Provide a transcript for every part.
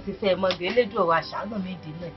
ń ti fẹ́ mọ́gẹ́ elédùn ọ̀wà àṣà náà méje náà.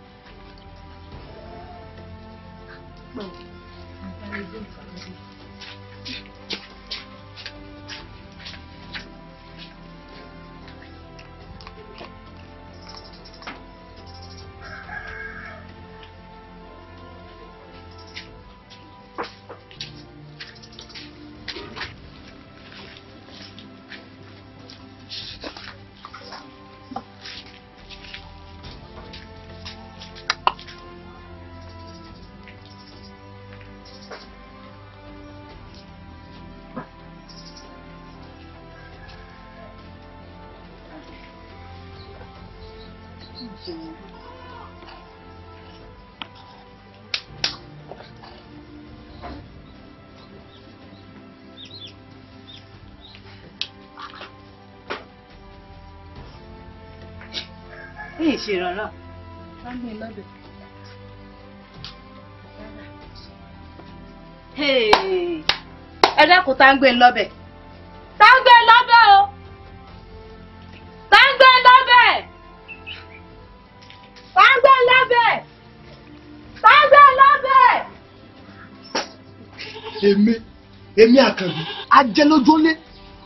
ṣe rárá. ẹ dákun tá ń gbé lọ́bẹ̀ tá ń gbé lọ́bẹ̀ o tá ń gbé lọ́bẹ̀ tá ń gbé lọ́bẹ̀ tá ń gbé lọ́bẹ̀. èmi èmi àkànbí ajẹ́ lójú lé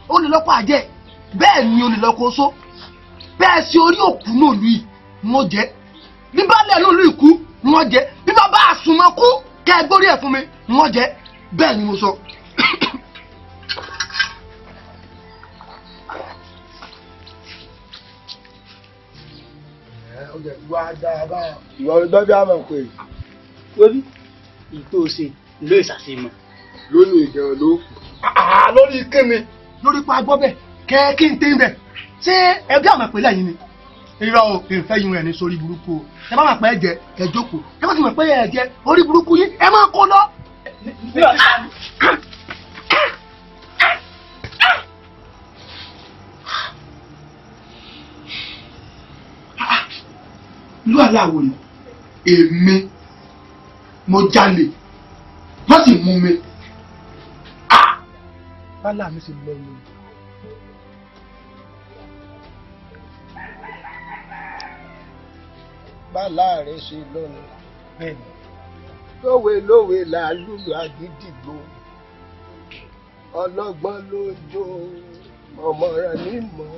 ó lè lọ́pọ̀ àjẹ́ bẹ́ẹ̀ ni ó lè lọ́kọ́ só bẹ́ẹ̀ sí orí òkú náà lù mo jẹ́ bí baálé lólu ìkú wọ́n jẹ́ bí bàbá àsùnmọ́ kú kẹ́ ẹ gbórí ẹ̀ fún mi wọ́n jẹ́ bẹ́ẹ̀ ni mo sọ. ìwà olùgbọ́n bí a máa ń pè é lórí ìtò ṣe ló ìṣàṣemọ. lónìí ìjẹun ló kù. Ah, ah, lórí kíni. lórí pa gbọ́ bẹ́ẹ̀ kẹ́ kí n tẹ́ bẹ́ẹ̀ ṣé ẹgbẹ́ àmọ̀ pẹ̀lú ẹ̀yin ni irọ́ o ìfẹ́ yìí wọn ẹni sórí burúkú o ẹ bá máa pẹ́ ẹ̀jẹ̀ ẹ jókòó ẹ bá ti mọ̀ pé ẹ̀jẹ̀ orí burúkú yín ẹ máa kó lọ. ìlú aláwo ni èmi mo jalè wọ́n sì mú mi. Ah! bálá mi sì lọ lóyún. bàlá rẹ ṣe lónìí. bẹ́ẹ̀ni. lówe lówe là á lùlù àgídìgbò ọlọ́gbọ́n ló jó ọ̀mọ̀ràn nímọ̀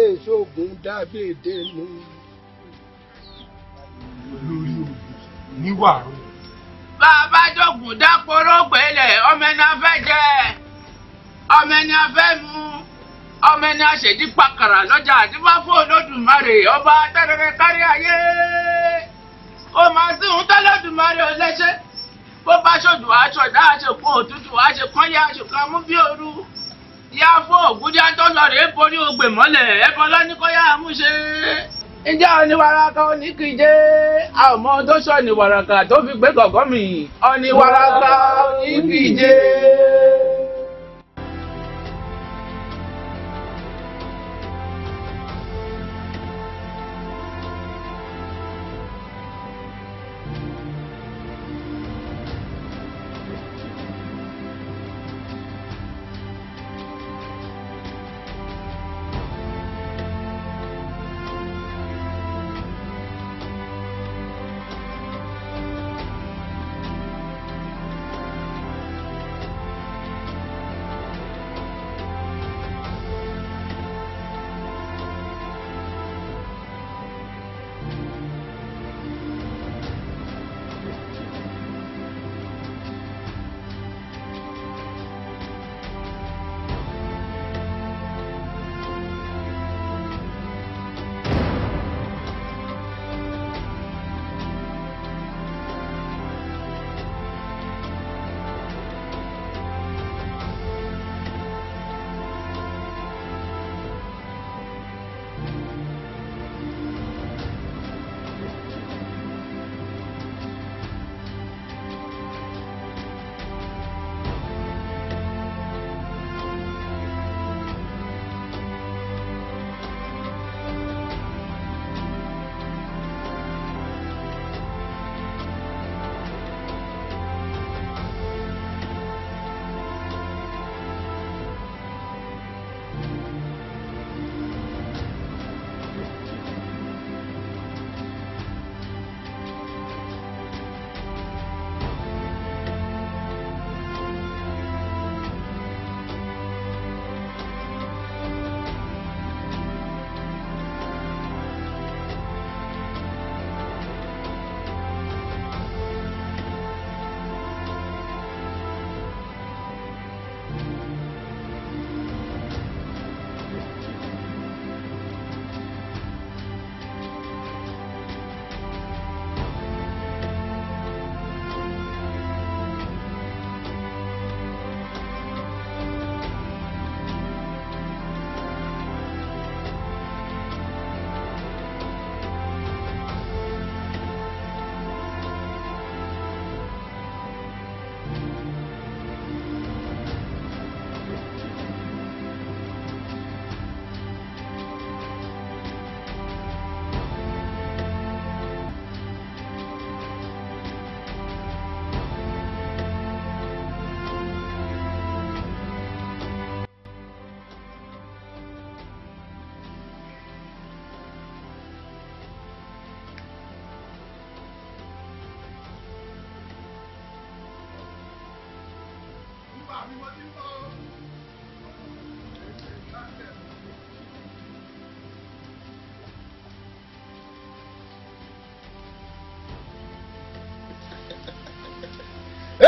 èso ògùn dábèdè ni. lórí ògùn níwàárọ. bá a bá jọ̀gùn dáporó pẹ̀lẹ́ ọmọ ẹni afẹ́ jẹ ọmọ ẹni afẹ́ mu. ọmọ ẹni àṣẹjí pàkàrà lọ́jà àdìbáfò olódùmarè ọba tẹ́lẹ̀rẹ̀ kárí ayé ó máa sí òun tẹ́lẹ̀dùmarè ọlẹ́ṣẹ́ bó bá ṣòdù aṣọ̀dá àṣekún òtútù àṣekún yá àṣekún mú bí ooru yá fún lọ borí ogbè mọ́lẹ̀ ẹbọ lọ́níkọ́yà àmúṣe ǹjẹ́ ọ̀ni waraka àmọ́ tó tó fi gbé gọ̀gọ́ mi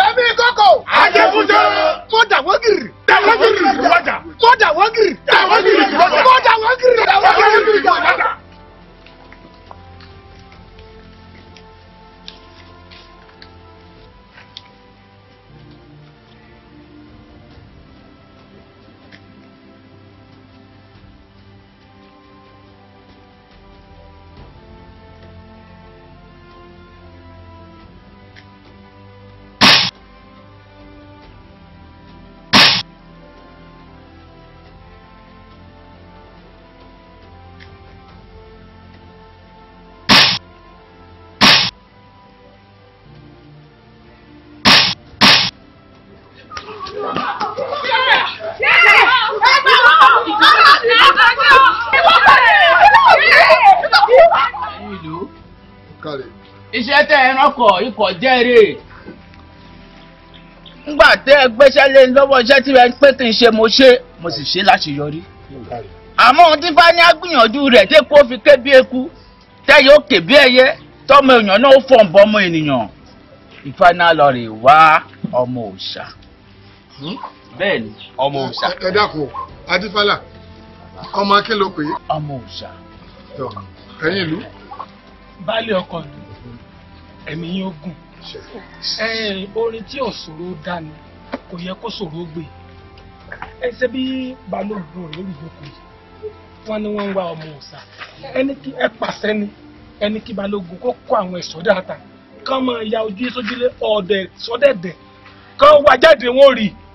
èmi kọ́kọ́. àjẹkùjọ. mo dàgbọ́ gírì. iṣẹ́ tẹ ẹ ránkọ̀ ikọ̀ jẹ́rè. ngbà tẹ ẹ gbéṣẹ́ lé lọ́wọ́ iṣẹ́ tí ẹ pé kí n ṣe mo ṣe mo sì ṣe láṣeyọrí. àmọ́ ohun tí fani á gbìyànjú rẹ̀ fi ké bí eku tẹ́ yóò ké bí ẹyẹ tọ́mọ èèyàn náà ó fọ ọmọ ènìyàn rè wá ọmọ òòṣà. Hmm? bẹ́ẹ̀ ni ọmọ òòṣà. ẹ dákun adífálà ọmọ akínló pé. ọmọ òòṣà. ẹ̀yin ìlú. baálé ọkọ ìlú ẹ̀mí yín ó gùn orin tí ò ṣòro dání kò yẹ kó ṣòro gbé ẹ ṣe bí balógun rẹ olùdókòó yìí wọn ni wọn ń wá ọmọ òòṣà ẹni kí ẹ pàṣẹ ni ẹni kí balógun kó kó àwọn ẹ̀ṣọ́ dáadáa kán máa ya ojú sójúlé ọ̀dẹ̀ sọ́dẹ̀dẹ̀ kán wá wọn rí i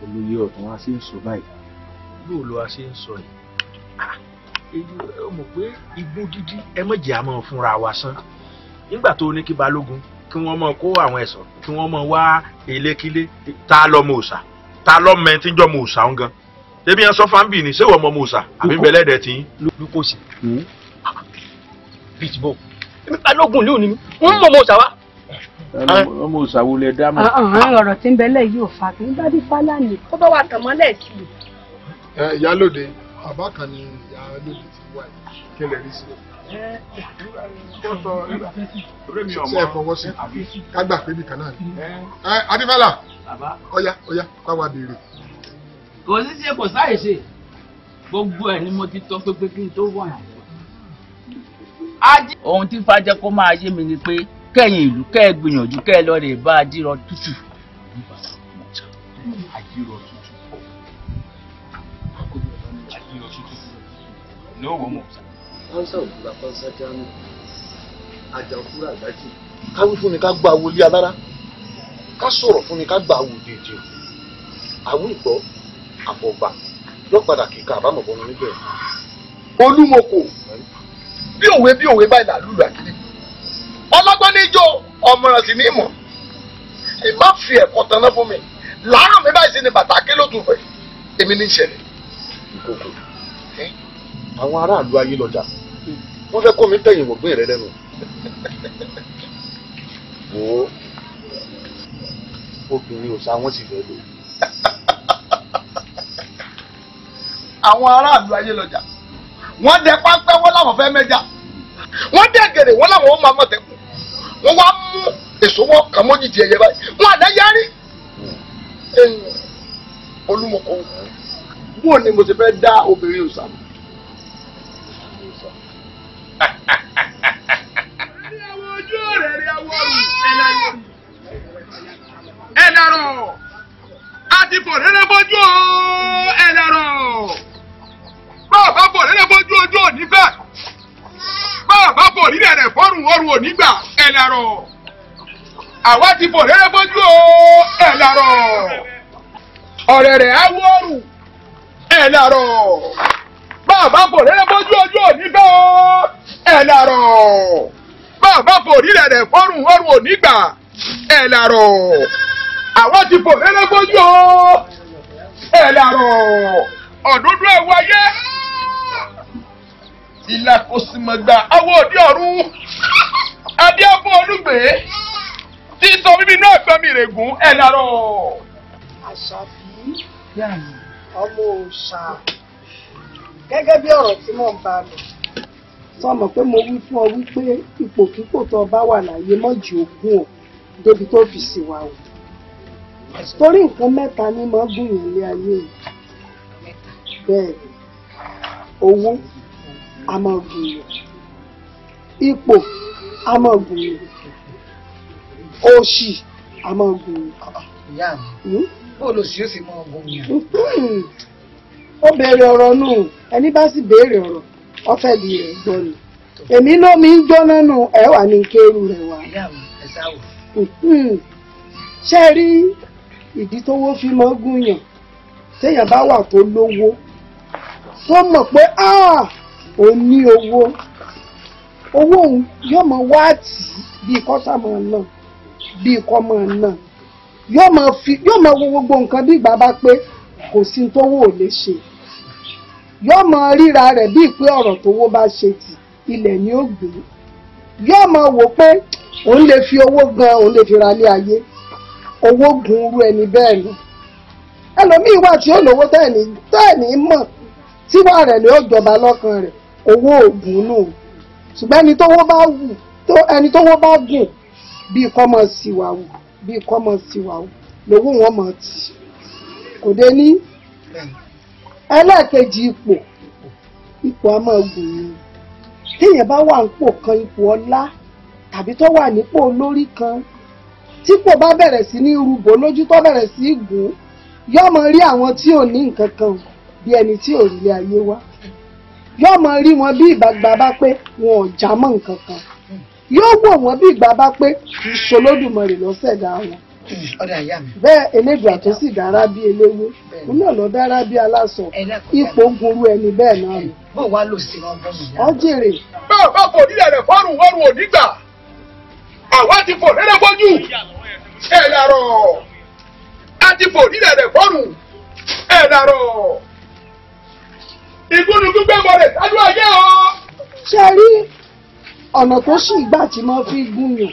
olóyè ọ̀tún wá sí ń sọ báyìí yóò lọ wá sí ń sọ yìí ah, èyí ó mọ̀ pé igbó dídí ẹ mọ̀jẹ̀ àmọ́ fúnra wa sán nígbà tó ní kí balógun kí wọ́n mọ̀ kó àwọn ẹ̀sọ́ kí wọ́n mọ̀ wá èlékílé tá a lọ́mọ òòṣà tá a lọ́mọ ẹ tí ń jọ́ mọ òòṣà ń gan ebi yẹn sọ fáńbì ni ṣé hmm? ah, wọ́n mọ mọ òòṣà àbí bẹ́lẹ́ dẹ̀ ti. lukosi bitbo balógun lónìí ń mọ mọ òòṣà wa ọmọ òṣàwò lè dá mọ. ọ̀rọ̀ tí ń bẹ́lẹ̀ yìí ò fa kí n bá bí fálàní tó bá wà tàn mọ́lẹ̀ kì í. ẹ ìyálòde bàbá kan ni ìyálòde ti wà yìí kílẹ̀ rí sí i. ṣe é fọwọ́ sí i ká gbà pé nìkan náà ni. ẹ adífẹ́lá ọ̀yá ọ̀yá báwa béèrè. kò sí ṣe kò sáyè ṣe gbogbo ẹ ni mo ti tọ́ pé pé kí n tó wà. ohun tí fàájẹ́ kó máa yé mi ni pé. kẹ́yìn ìlú kẹ gbìyànjú kẹ lọ rè bá adírọ tútù. kọ́nsá òkúra kọ́nsá jáánu àjàfúrà àgbájì ká wí fún ni ká gba wọlé alára ká sọ̀rọ̀ fún ká gba àwọn ìgbọ́ àfọ̀gbà kíkà ọlọ́gbọ́n ní ijó ọ̀mọ̀ràn sì ní ìmọ̀ má fi ẹ̀kọ́ tán náà fún mi làárọ̀ mi báyìí sí ni bàtà kí ló tún fẹ́ èmi ní ìṣẹ̀lẹ̀. ìkòkò àwọn aráàlú ayé lọjà wọ́n fẹ́ kó mi tẹ̀yìn wọ̀gbìn rẹ lẹ́nu wò ó obìnrin òòṣà wọ́n sì fẹ́ lò. àwọn aráàlú ayé lọjà wọ́n dẹ pápẹ́ wọ́n làwọn fẹ́ mẹ́ja wọ́n dẹ gèrè wọ́n làwọn ó máa mọ̀tẹ́kùn wọ́n wá mú èso wọ́n kà mọ́ jìdí ẹ̀yẹ báyìí wọ́n àdá yarí. olùmọ̀kọ́ bó ni mo ti fẹ́ dá obìnrin òsà mi. ẹ̀dàrọ̀ àti fòrèrè bójú ẹ̀dàrọ̀ bá a bá fòrèrè bójú ojú òní gbà bá a bá rẹ̀ fọ́rùn ọrùn òní gbà ẹ̀ làrọ̀ àwa ti bò rẹ́rẹ́ bójú o ẹ̀ làrọ̀ ọ̀rẹ́ rẹ̀ á wọ́ọ̀rù ẹ̀ làrọ̀ bàbá bò rẹ́rẹ́ bójú ojú òní gbọ́ ẹ̀ làrọ̀ bàbá bò rí rẹ̀ rẹ̀ fọ́rùn ọ̀rùn òní gbà ẹ̀ àwa ti bò rẹ́rẹ́ bójú o ẹ̀ làrọ̀ ọ̀dúndún ẹ̀ wáyé ìlàkọsìmọ̀gbà àwọn òde ọ̀run adéàfún olùgbé tí sọ bíbí inú ẹ̀fẹ́ mi rè gùn ẹ̀ lárọ̀. àṣàbí ọmọ òòṣà gẹ́gẹ́ bí ọ̀rọ̀ tí mò ń bá lọ sọmọ pé mo wí fún ọ wípé ipòkípò tó bá wà láyé mọ́jì ogún o débi tó fi sì wà o torí nǹkan mẹ́ta ni mo gùn yín ilé ayé yìí bẹ́ẹ̀ ni owó a máa gùn yín ipò a máa gùn yìí òṣì a máa gùn yìí. ìyá mi bó ló sì yóò sì máa gùn yìí. Hmm. ó béèrè ọ̀rọ̀ nù ẹni bá sì béèrè ọ̀rọ̀ ọ̀fẹ́ di rẹ̀ gbọ́ ni èmi ló mi ń gbóná nù ẹ wà ní kéru rẹ̀ wá. ìyá mi ẹ sáwọ. Hmm. ṣé rí ìdí tówó fi máa gùn yàn téèyàn bá wà tó lówó tó mọ̀ pé ah, ó ní owó owó òun yóò mọ wáàtì bíi kọ́sà máa nà bíi kọ́ máa nà yóò mọ fi yóò mọ wo gbogbo nǹkan bí ìgbà bá pé kò sí tó wò lè ṣe yóò mọ ríra rẹ̀ bíi pé ọ̀rọ̀ tówó bá ṣe tì ilẹ̀ ni ó gbé yóò mọ wò pé òun lè fi owó gan òun lè fi ra ilé ayé owó gun irú ẹni bẹ́ẹ̀ ni ẹlòmíì wà tí ó lówó tẹ́ẹ̀ní tẹ́ẹ̀ní mọ̀ tíwá rẹ̀ lè jọba lọ́kàn rẹ̀ owó ògùn nù ṣùgbọ́n ẹni tówó bá wù ẹni tówó bá gùn bíi kọ́mọ síwáwù bíi kọ́mọ síwáwù lówó wọn mọ̀ tì kò dé ní ẹlẹ́ẹ̀kejì ipò ipò a máa gùn yín téèyàn bá wà nípò kan ipò ọlá tàbí tó wà nípò olórí kan tí kò bá bẹ̀rẹ̀ sí ní rúbọ lójú tó bẹ̀rẹ̀ sí í gùn yóò máa rí àwọn tí ò ní nǹkan kan bí ẹni tí ò rí ilé ayé wá yóò mọ rí wọn bí ìgbàgbà bá pé wọn ò já nkankan nǹkan kan yóò wọn bí ìgbà bá pé ìṣolódùmarè lọ́sẹ̀ dá wọn. bẹ́ẹ̀ elédùà tó sì dára bí eléwé òun náà dára bí aláṣọ ipò guru ẹni bẹ́ẹ̀ náà ni. bó wàá lò sí ọgbọ́n mi. bẹ́ẹ̀ bá kò ìgúnnugún gbẹ̀mọ̀ rẹ̀ sádùn ayé ọ. ṣe rí ọ̀nà tó sì gbà tí mo fi gún mi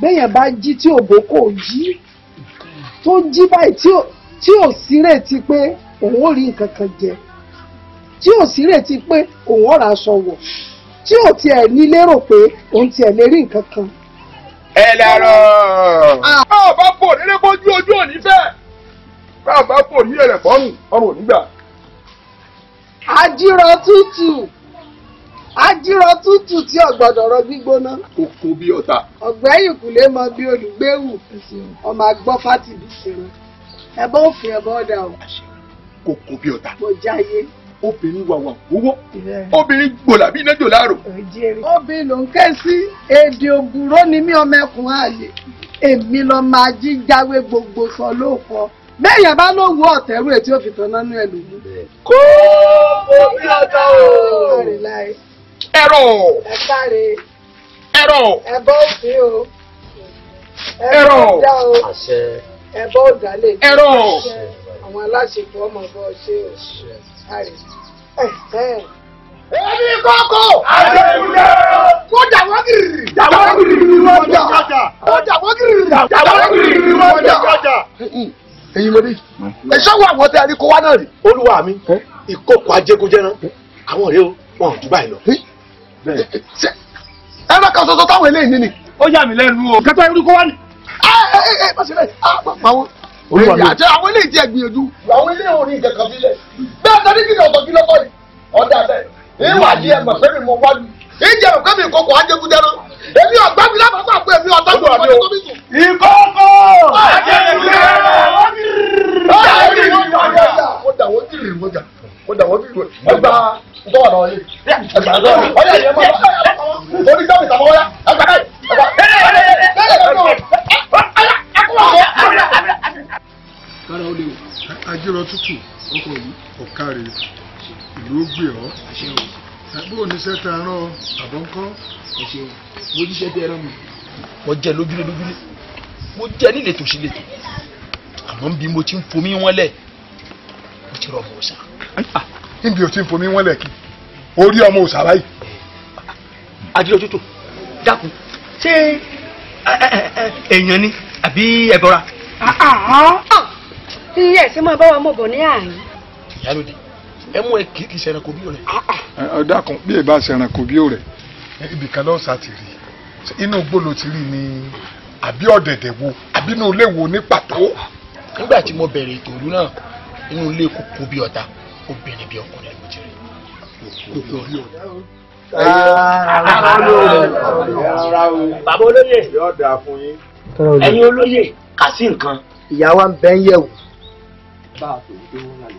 béèyàn bá jí tí òbó kò jí tó jí báyìí tí ò sí retí pé òun ò rí nǹkan kan jẹ tí ò sí retí pé òun ọ̀rà aṣọ wọ̀ tí ò tiẹ̀ ní pé òun tiẹ̀ lè rí nǹkan kan. ẹ lárọ. bá bá bò nílé bójú ojú òní bẹ́ẹ̀ bá a bá bò ní ẹ̀rẹ̀ bọ́rùn ọrùn ò ní gbà àjírọ tútù àjírọ tútù tí ọ̀gbọ́dọ̀ rọ gbígbóná. kókó bí ọ̀tá. ọ̀gbẹ́yìn kùlé mọ bí olùgbéwù ọmọ àgbọ́ fátìbí ṣeré ẹbọ òfin ẹbọ ọ̀dà o. kókó bí ọ̀tá. mo jáyé. obìnrin wàwà wọ́wọ́ obìnrin gbòlà bí iná jò láàrò. obìnrin ló ń ké sí èdè òbúrò ni mí ọmọ ẹkùn àlè èmi lọ máa jí jáwé gbogbo sọ lóòpọ̀ bẹ́ẹ̀yà bá ló wú ọ̀tẹ̀ ẹrú ètí òfin tán nánú ẹ lòdì. kó o bí ọjọ́ o. ẹ̀rọ. ẹ sáré. ẹ̀rọ. ẹ̀bọ òfin o. ẹ̀rọ. ẹ̀bọ òdàlẹ̀. ẹ̀rọ. àwọn aláṣepọ̀ ọmọ bọ́ ṣe o. Èmi kọ́kọ́. Àjẹjúdẹ. Kó dàwọ́ gírì. Dàwọ́ gírì ni wọ́n jà. Kó dàwọ́ gírì. Dàwọ́ gírì ni wọ́n jà ẹ̀yin mo dé ẹ ṣọwọ àwọn tẹ ẹni kó wá náà rí. olúwa mi ìkókò ajégúnjẹ náà àwọn rèé o wọn ò jù báyìí lọ. ẹran kan ṣoṣo táwọn eléyìí ní ni. ó yà mí lẹ́nu o. kẹtọ́ irú kó wá ní. ẹ ẹ ẹ má ṣe bẹ́ẹ̀ ah, pa wọn. olúwa mi àti àwọn eléyìí ti ẹ̀ gbìyànjú. àwọn eléyìí ò ní ìjẹ̀kọ̀ sílẹ̀ bẹ́ẹ̀ tani kí ni ọ̀tọ̀ kí lọ́kọ̀ ni ọ̀dà bẹ́ẹ̀ ìwà di ẹ̀mọ̀ pé mi mọ wájú ìjẹ òkè mi kọkọ ajẹgúdẹrán èmi ọgbà mi lábàá fà pé èmi ọtá gbọdọ ní o. ìkókó ajẹgúdẹrán ọ̀dàwọ́dì ìwọ̀jà ọ̀dàwọ́dì ìwọ̀jà ọ̀dàwọ́dì ìwọ̀jà ẹgbà ntọ́wà náà yé ẹgbà ntọ́wà ọ̀yà yẹn mọ̀ orí sọ́ọ̀bù sàmọ́ wọ́yá ẹgbà náà ẹgbà ẹgbà ẹgbà ẹgbà ẹgbà ẹgbà ìlú ó gbé ọ. àbúrò oníṣẹ́ ta rán ọ àbọ̀ ń kọ́. mo jíṣẹ́ bí ẹran mi mo jẹ lójúlé lójúlé mo jẹ nílé tòṣì létò àmọ́ bí mo ti ń fomi wọn lẹ̀ mo ti rọ ọmọ òòsà. níbi ah, o ti ń fomi wọn lẹ̀ kí orí ọmọ òòsà báyìí. adilọ́jọ́ tó dákun ṣé èèyàn ni àbí ẹ̀bọra. Ah, ah, ilé ẹ̀sìn máa bá wa mọ̀ bọ̀ ní àárín. ìyálóde ẹmu ẹ kì í ṣẹranko bí o rẹ. ọ̀dà ah, ah. kan bí ẹ bá ṣẹranko bí o rẹ. ibì kan lọ́wọ́ sá ti rí inú gbòòlò ti rí ni àbí ọ̀dẹ̀dẹ̀ wo àbí inú ilé wo ní pàtó. nígbà tí mo bẹ̀rẹ̀ ètò òru náà inú ilé kókó bí ọ̀tá obìnrin bí ọkùnrin ló ti rí. bàbá olóyè ẹ̀yin olóyè kà sí nǹkan. ìyá wa ń bẹ́ ń yẹ̀wò. bá a tó ń tó ń rà lè.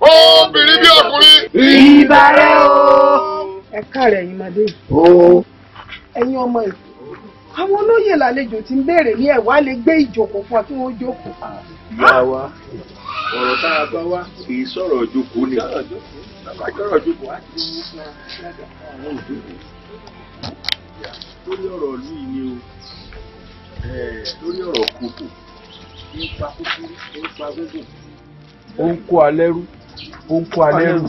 obìnrin bí ọkùnrin. ìbàrẹ̀ o. ẹ káàárẹ̀ yín madé. o. ẹ̀yin ọmọ yìí àwọn olóyè làlejò ti ń béèrè ní ẹ̀wá lè gbé fún ọ tí wọ́n jókòó. ìyá wa ọ̀rọ̀ tá a bá wá kì í sọ̀rọ̀ ni ti lórí ọ̀rọ̀ yìí ni o ó ń kó alẹ́ rù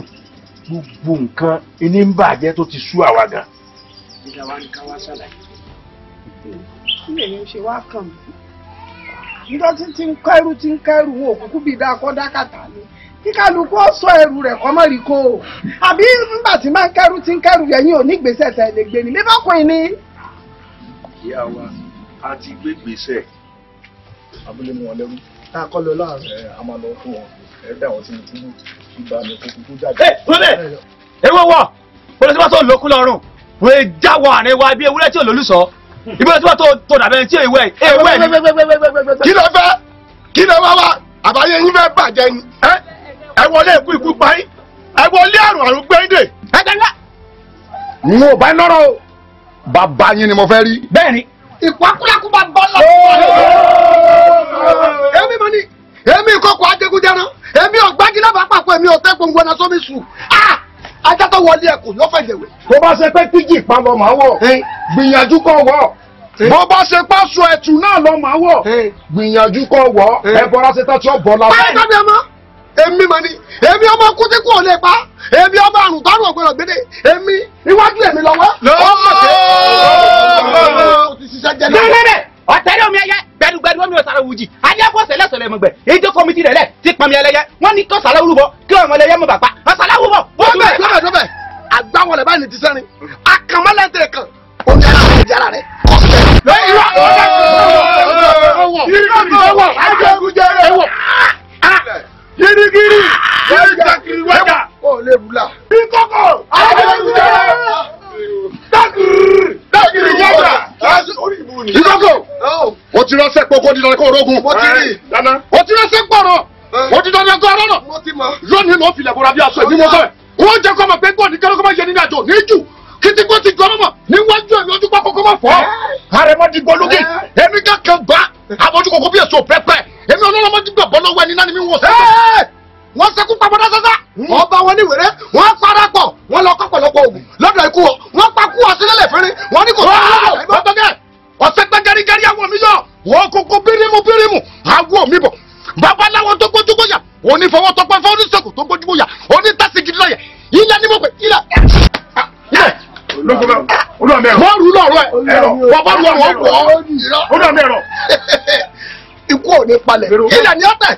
gbogbo nǹkan iní ń bàjẹ́ tó ti sú àwa gan. ìjà wa ni ká wá ṣàlàyé. kí lèyìn ṣe wá kàn mí. nígbà tí ti ń kẹ́rù ti ń kẹ́rù wọn ò bíi dákọ́ dákàtà ni kí ó sọ ẹrù rẹ̀ kọ́ mọ́ rí o àbí nígbà tí máa ń kẹ́rù ti ń kẹ́rù yẹ̀yìn ò gbèsè tẹ̀ lè gbé ni lébàkùnrin ni. ìyá wa a ti gbé gbèsè abúlé mu wọn lẹ́rú. tá kọ́ lọ láàrin ẹ̀rọ àwọn tí mo ti ń gba mi kó kó jáde. ẹ wọlé ewu wa olùsọ́gbà tó lókun lọ́rùn wèé jáwọ́ àárín wa bí ewúrẹ́ tí ò lólùsọ ibi olùsọ́gbà tó tó dàbẹ̀ tí èwe èwe ni. kí ló fẹ́ kí ló wá wá àbáyé yín fẹ́ bàjẹ́ ni ẹ wọlé ikú ikú parí ẹ wọlé àrùn àrùn gbẹ́ndé. ẹ dẹ́gbẹ́. n ò bá nọ́rọ̀ o bàbá yín ni mo fẹ́ rí. bẹ́ẹ̀ni. ìpakúlakú bá bọ́ lọ. èmi mọ ni èmi ìkọkọ ajẹkújẹ náà èmi ò gbági lábàá pàpọ̀ èmi ò tẹ́ gbòǹgbò ẹ̀nà sómi sùn ajá tó wọlé ẹ̀kọ́ yóò fẹ́ jẹ̀wé. tó bá ṣe pé píjì pa lọ màá wọ̀ gbìyànjú kọ́ wọ̀ bó bá ṣe pé aṣọ ẹ̀tù náà lọ màá wọ̀ gbìyànjú kọ́ wọ̀ ẹ bọ́ra ṣe tán tí ó bọ́ lábẹ́. báyìí tọ́bi ọmọ èmi mà ni èmi ọmọ kúti kú ò lè pa èmi ọmọ àrùn tọ́rùn ọ̀gbẹ́rọ̀ gbẹ́dẹ́ èmi iwájú èmi lọ́wọ́. lọ́wọ́ ọ̀tẹ́rẹ́ omi ẹyẹ gbẹdugbẹdu omi ọ̀sára wùjì adéko sẹlẹsẹlẹ mọ̀gbẹ́ èdè kọmitì rẹ̀ lẹ̀ ti pọnmi ẹlẹ́yẹ wọ́n ní kó sàlá wúrúbọ kí ọmọ ẹlẹ́yẹ mọ̀ bàpá ọ̀sàlá wúrúbọ. dọ́bẹ̀ dọ́bẹ̀ dọ́bẹ̀ agbáwọn lẹ́bàá ni ti sẹ́rin akamọ́lẹ́tẹ̀ kan omi ara rẹ̀ jara rẹ̀ kọ́sẹ̀. yirigiri yẹn takiri wájà. ó lè wula. bí kọ́kọ́. a yẹ kí n jẹ́. takiri takiri wájà ìdókò mo ti ránṣẹ́ pé kó di dandan kó rogun mo ti ránṣẹ́ pọ̀rọ̀ mo ti dandan kó rọ́nà lónìí mo filẹ̀ bọ̀rọ̀ bí aṣọ ìbí mo sọ ẹ̀ wọ́n jẹ́ kó ma pé gbọ́ ní kẹ́lẹ́ kó ma yẹ nínú àjò níjù kìtìkó ti gbọ́ mọ̀ níwájú ẹ̀mí ojú pákó kó ma fọ́ àrẹ̀mọ́ ti gbọ́ lókè èmi kankan bá àbójú kòkó bí èso pẹ́pẹ́ èmi ọlọ́lọ́mọ́ ti gbọ́ bọ́ lọ́wọ́ ẹni náà ni mi wọ́n sẹ́yìn wọ́n sẹ́kù pàbọ́dá sọ́sá mm. wọ́n bá wọn ní wèrè wọ́n parapọ̀ wọ́n lọ kọ́pọ̀lọpọ̀ ògùn lọ́dọ̀ ikú wọn wọ́n pa kú ọsílẹ̀ lẹ́fẹ́rẹ́ wọ́n ní kò sí wọ́n kókó bírímù bírímù àgọ́ mi bọ̀ babaláwo tó gbójúgbóyà onífọwọ́ tọpẹ́ fún oníṣègùn tó gbójúgbóyà onítàsígì lọ́yẹ̀ ilẹ̀ ni mo pè ilẹ̀. bọ́ọ̀lù lọ́rọ̀ ẹ̀ bọ́ọ̀lù lọ́rọ̀ ẹ̀ bọ́ọ̀lù lọ́rọ̀ ẹ̀ ikú ò ní palẹ̀ ilẹ̀ ni ó tẹ̀.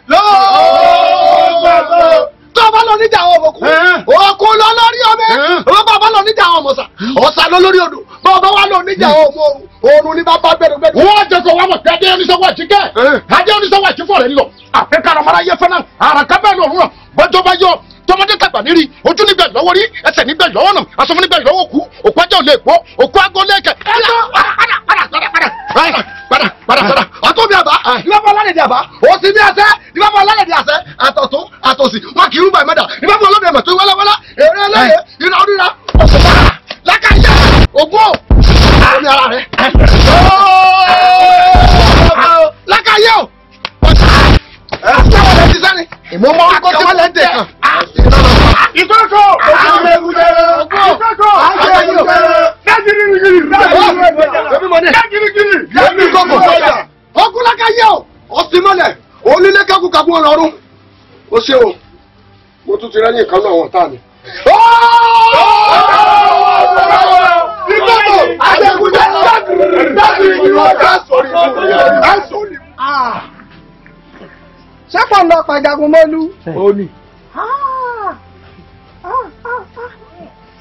tó lọ níjà àwọn ọmọkùnrin òkú lọ lórí ọmọ bàbá lọ níjà àwọn ọmọ ọ̀sà lọ lórí odò ọba wa lọ níjà hmm. ọmọ òru ní bá bá bẹ̀rù bẹ̀rù. wọ́n jẹ kó wọ́n mọ̀ pé adé oníṣòwò àti kẹ́ eh. adé oníṣòwò àti fọ̀rẹ̀ ńlọ àfẹ́kà àrọ̀mọ́ra yẹ fẹ́ náà àràká bẹ́ẹ̀ lọ òwúrọ̀ bọ́jọ́ bá yọ tọmọdé tàgbà nírí ojú níbẹ̀ lọ́wọ́ rí ẹsẹ̀ níbẹ̀ lọ́wọ́ nà asọ́fún níbẹ̀ lọ́wọ́ kú òkú ajá ò lè pọ̀ òkú agọ́ lẹ́kẹ̀. padà padà padà padà padà padà padà ah. àtọ́ mi àbá nígbàgbọ́ ah. alálẹ̀dẹ̀ àbá òsì mi àṣẹ nígbàgbọ́ alálẹ̀dẹ̀ àṣẹ àtọ̀tún àtòsì wọn kì í rúbà ìmọ̀dà nígbàgbọ́ olóbìnrin mọ̀ tó wẹ́lẹ́wẹ́lẹ́ èrè ẹlẹ́yẹ ìnáwó ríra òṣùpá lákàyà ògbó lórí ara rẹ. lákàyé o ọ̀sán ti sẹ́ni. èmi mọ orúkọ tí wọ́n lè dé kan. Ah! ìtọ́jú ògùnbẹ̀rẹ̀ ìtọ́jú àgbẹ̀rẹ̀ dájirigiri dájirigiri yẹmi kọkọ sọjà ọkùnlákàyé o ọsìmọlẹ onílẹkẹkù kàbú ọlọ́run o ṣe o mo tún ti rẹ́yìn kan náà wọ́n tà mí àdìgbòtò àdìgbòtò dábì ìwọ dáṣọrí dáṣọrí. sẹ́pọ̀ ń lọ pàjágun mọ́lú. ó ní. Ah. Ah, ah,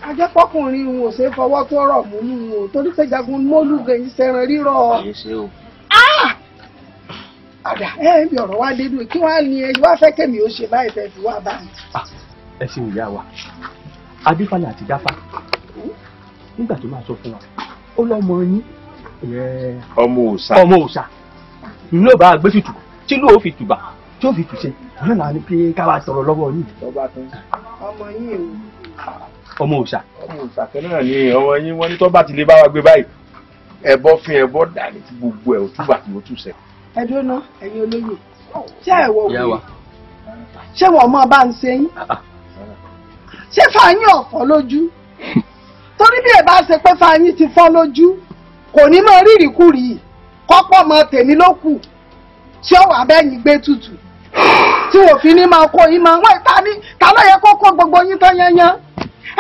ajẹ́pọ̀kùnrin òun ò ṣe é fọwọ́ tó rọ̀ mú nù o torí pé jagun mọ́lú gẹ̀yìn sẹ́ran rírọ̀. àdà ẹ ẹ bí ọ̀rọ̀ wa dé dùn kí wọ́n á ní ẹ wá fẹ́ kẹ́mi ó ṣe báyìí fẹ́ fi wá báyìí. ẹ ṣeun ìyá wa adífàlà àti dáfà nígbà tó máa sọ fún wa ó lọ́mọ yín ọmọ òòṣà ọmọ òòṣà ìlú ọba àgbésìtù tí lóò fi tùbà tí ó fi tùṣe ìlú náà ni pé ká bá tọrọ lọ́wọ́ yìí. ọmọ yín o. ọmọ òòṣà. ọmọ òòṣà kan náà ni ọmọ yín wọn ní tó bá ti lè bá wa gbé báyìí ẹbọ fún ẹbọ dàní tí gbogbo ẹ òtúbà tí ó ẹ dúró ná olóyè ṣé ẹ wọ òkè ṣé wọn ọmọ bá ń ṣe yín ah, ah. ṣé fàáyín ọ̀fọ̀ lójú. torí bí èbá ṣe pé fáyín ti fọ́ lójú kò ní mọ rírì kọ́pọ̀ mọ tèmi ló kù tí ó wà bẹ́yìn gbé tutù tí wò fi ní máa kó yín máa wọ́n ìta ní ta ló yẹ kó kó gbogbo yín tán yányán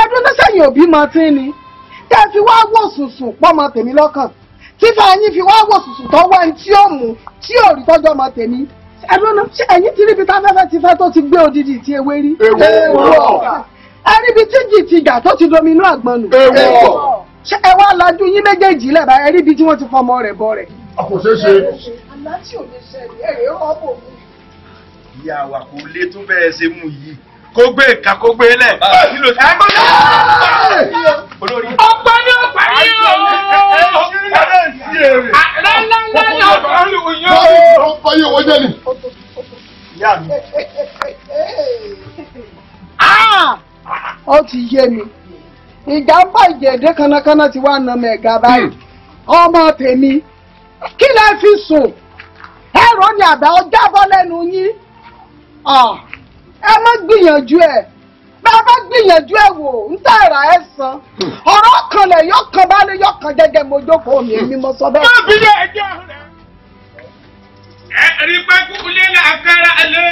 ẹdún tó sẹ́yìn òbí mọ tí ni tẹ́ fi wá wò sùnsùn pọ́ mọ tèmi lọ́kàn tí fáyín fi wá wò sùnsùn tó wá tí ó mú tí ò rí tọ́jú ọmọ tèmi ẹdún náà ẹ̀yìn tí níbi tá fẹ́fẹ́ ti fẹ́ tó ti gbé odidi ti ewé rí. èwo rọ ẹríbi tí jì ti gà tó ti dominú àgbọn nù. ewọ. ṣé ẹ wá lajú yín méjèèjì lẹ́bàá ẹríbi tí wọ́n ti fọmọ rẹ̀ bọ rẹ̀. kò ṣeé ṣe. aláṣẹ ò lè ṣẹlẹ̀ èrè ọ̀bọ̀ mi. ìyá wa kò lè tún bẹ́ẹ̀ ṣe mú yìí kó gbé ìka kó gbé lẹ̀. ọgbọ́n ni ó parí o. lọ́lọ́lọ́lọ́. ó parí owó jẹ́ ni. ìyá Ah! ọ ti yé mi ìjàmbá ìjẹ̀dẹ́ kánákáná ti wá nà mẹ́ga báyìí hmm. ọmọ tèmi kí lẹ fi sùn ẹ̀rọ ni àbá ọjà bọ́ lẹ́nu yín ẹ má gbìyànjú ẹ̀ bàbá gbìyànjú ẹ wò ń tà ẹ̀rà ẹ san hmm. ọ̀rọ̀ kan lẹ̀ yọ kan bá lé yọ kan jẹ́jẹ́ mo jókòó mi mo sọ bẹ́ẹ̀. lè jẹ́ ọ̀rẹ́ ẹ̀rí pẹ́ lé.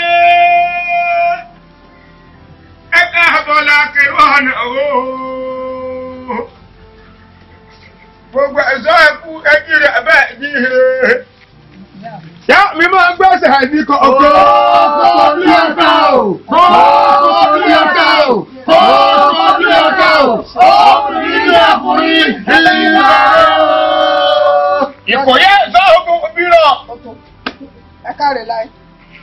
ẹ káàbọ̀ lákè ọ̀nà ooo gbogbo ẹ̀sọ́ ẹ̀kú ẹ̀jú rẹ̀ bẹ́ẹ̀ ní he. Yá mi máa ń gbẹ́sẹ̀ àìní kan ọ̀gbẹ́. Kókó bí ọ̀gá o! Kókó bí ọ̀gá o! Kókó bí ọ̀gá o! Ọkùnrin ní ọkùnrin ìlà. Ìkòyé ìsọ́ ogun bírọ̀. Ẹ káre láì.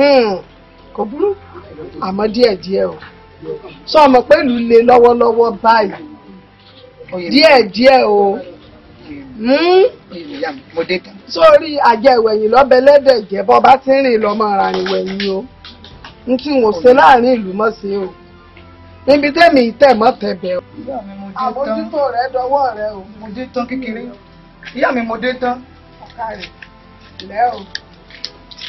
Hmm. kò burú àmọ́ díẹ̀díẹ̀ o sọ ọmọ pẹ̀lú le lọ́wọ́lọ́wọ́ báyìí díẹ̀díẹ̀ o hmm. sórí àjẹwẹ̀yìn lọ́bẹ̀ lẹ́dẹ̀ jẹ́ bọ́ bá ti ń rìn lọ́mọ ara ìwẹ̀yìn o n tí wọ́n ṣe láàrin ìlú mọ́ sí o níbi tẹ́mi ìtẹ̀ mọ́ tẹ̀bẹ̀ o. àmójútó rẹ dọwọ́ rẹ o. mo dé tán kékeré ìyá mi mo dé tán. ọ̀ka rẹ̀ lẹ́ o.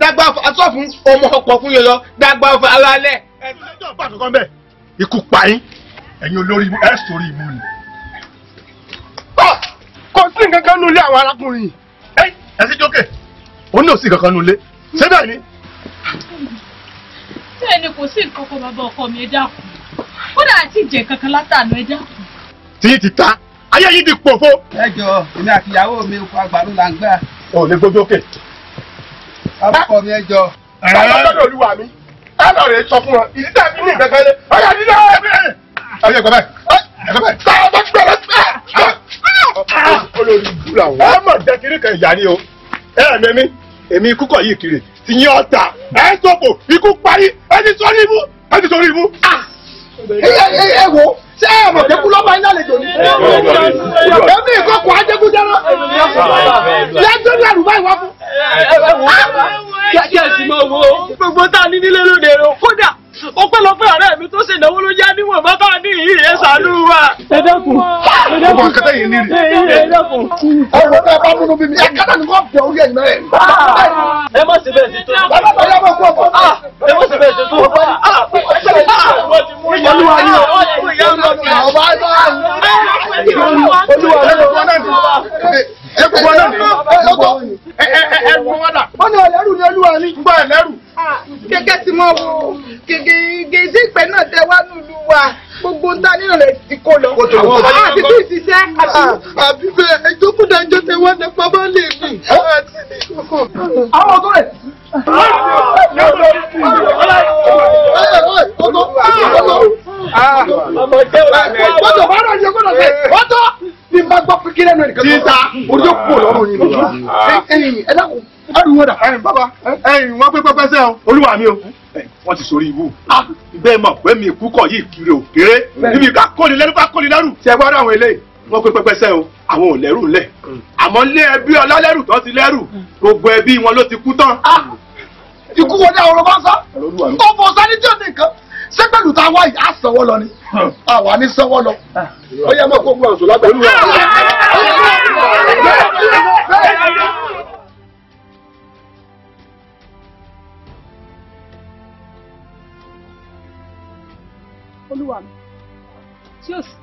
dàgbà sọ fún ọmọ ọ̀pọ̀ fún lo dagba dàgbà ara lẹ̀. ẹjọ́ bá kankan bẹ́ẹ̀ ikú pa yín ẹ̀yin olori ẹ̀ sórí ìmú ni. kò sí nǹkan kan nule ilé àwọn arákùnrin yìí. ẹ si sí o ó kankan nule ni. bẹ́ẹ̀ ni kò sí nǹkan ọkọ mi ẹ dákun kódà àti ìjẹ kankan látàánú ẹ ti ti ta ayé yìí di pòfo. ẹ jọ mi kó là ń gbà. abúkọ mi ẹ jọ. bàbá lọ́dọ̀ olúwa mi ẹ lọ rè sọ fún wọn ìdí tẹ̀ mí ní ìgbẹ́kẹ̀lé ọ̀yà nílẹ̀ ọ̀yà ẹ̀yẹ gbọ́ báyìí ẹ̀yẹ gbọ́ báyìí. sáà bá gbẹ̀rẹ̀ sáà. olórí ìlú làwọn. ẹ mọ̀ dẹ́ kiri kan ìyá ni o ẹ mẹ́mí èmi kúkọ̀ yìí kiri ti yín ọ̀tà ẹ sọ̀pọ̀ ikú parí ẹ ti sọ ní ibú ẹ ti sọ ibú. ẹ wo ṣé ẹ mọ̀ pé kú ló máa ń lálejò ni. èmi ìkọkọ ajégúnjẹrán lẹ́gbẹ̀rún àrùbá ìwà fún. ẹ wò ó kí gbogbo tá a ní nílé lóde rẹ kódà ọpẹ́lọpẹ́ ọ̀rẹ́ mi tó ṣe ìnáwó ló yá níwọ̀n bá bá ní ìyí rẹ̀ ṣàánú wa. ẹ dẹ́kun ẹ dẹ́kun ọkọ yìí ní rí. ẹ dẹ́kun ọ̀rọ̀ náà bá múnú bí mi ẹ kádà ní kò bẹ orí ẹ̀yìn náà ẹ. ẹ má ṣe bẹ́ẹ̀ ṣe tó. ẹ má ṣe bẹ́ẹ̀ ṣe tó. ẹ má ṣe bẹ́ẹ̀ ṣe tó. olúwa yìí olúwa yìí olúwa yìí egungun náà ní ọgbọ ẹrù wọn dà. ó ní ẹlẹ́rù ní olúwa ní. gbọ́ ẹlẹ́rù. gẹ́gẹ́ tí mo wo gègé ìpẹ́ náà tẹ wá nílùú wa gbogbo ń ta nínú rẹ̀ ti kó lọ. àti tí ìṣiṣẹ́ àti. àbí bẹ́ẹ̀ ẹjọ́ kún náà ẹjọ́ tẹ wá ní pàmò lè ní. àwọn Ah, rẹ̀. Ah, ìjọba Ah, ẹjọ́. Ah, tó Ah, rà Ah, ẹgbẹ́ Ah, sẹ́yìn. Ah, tó bí n bá gbọ́ pé kílẹ̀ náà nìkan tó o yóò kó lọ́rùn yìí nìyẹn ẹ̀yin ẹ dákun adùn wọn dà. ẹ̀yin bàbá ẹ̀yin wọn pé pẹpẹsẹ o olúwa mi o wọn ti sori iwu ah, bẹ́ẹ̀ mọ̀ pé mi kú kọ yìí kiri o kéré níbi ká kóni lẹ́nu ká kóni lẹ́rù. ṣe gbọ́dọ̀ àwọn eléyìí wọn pé pẹpẹsẹ o àwọn ò lẹ́rù lẹ̀ mm. àmọ́ lé ẹbí ọlọ́lẹ́rù tó ti lẹ́rù mm. gbogbo ẹbí wọn ló ti kú tán. Ah, ikú wọlé àwọn ọlọ́mọ sá ó fọ sanni tí ó ní nǹkan ṣé pẹ̀lú tá a wá yìí á sanwó lọ ni àwa hmm. ní sanwó lọ. Ah. ó yẹ mọ́ kókó àṣọ lágbàá olúwa. olúwa mi tí ó sì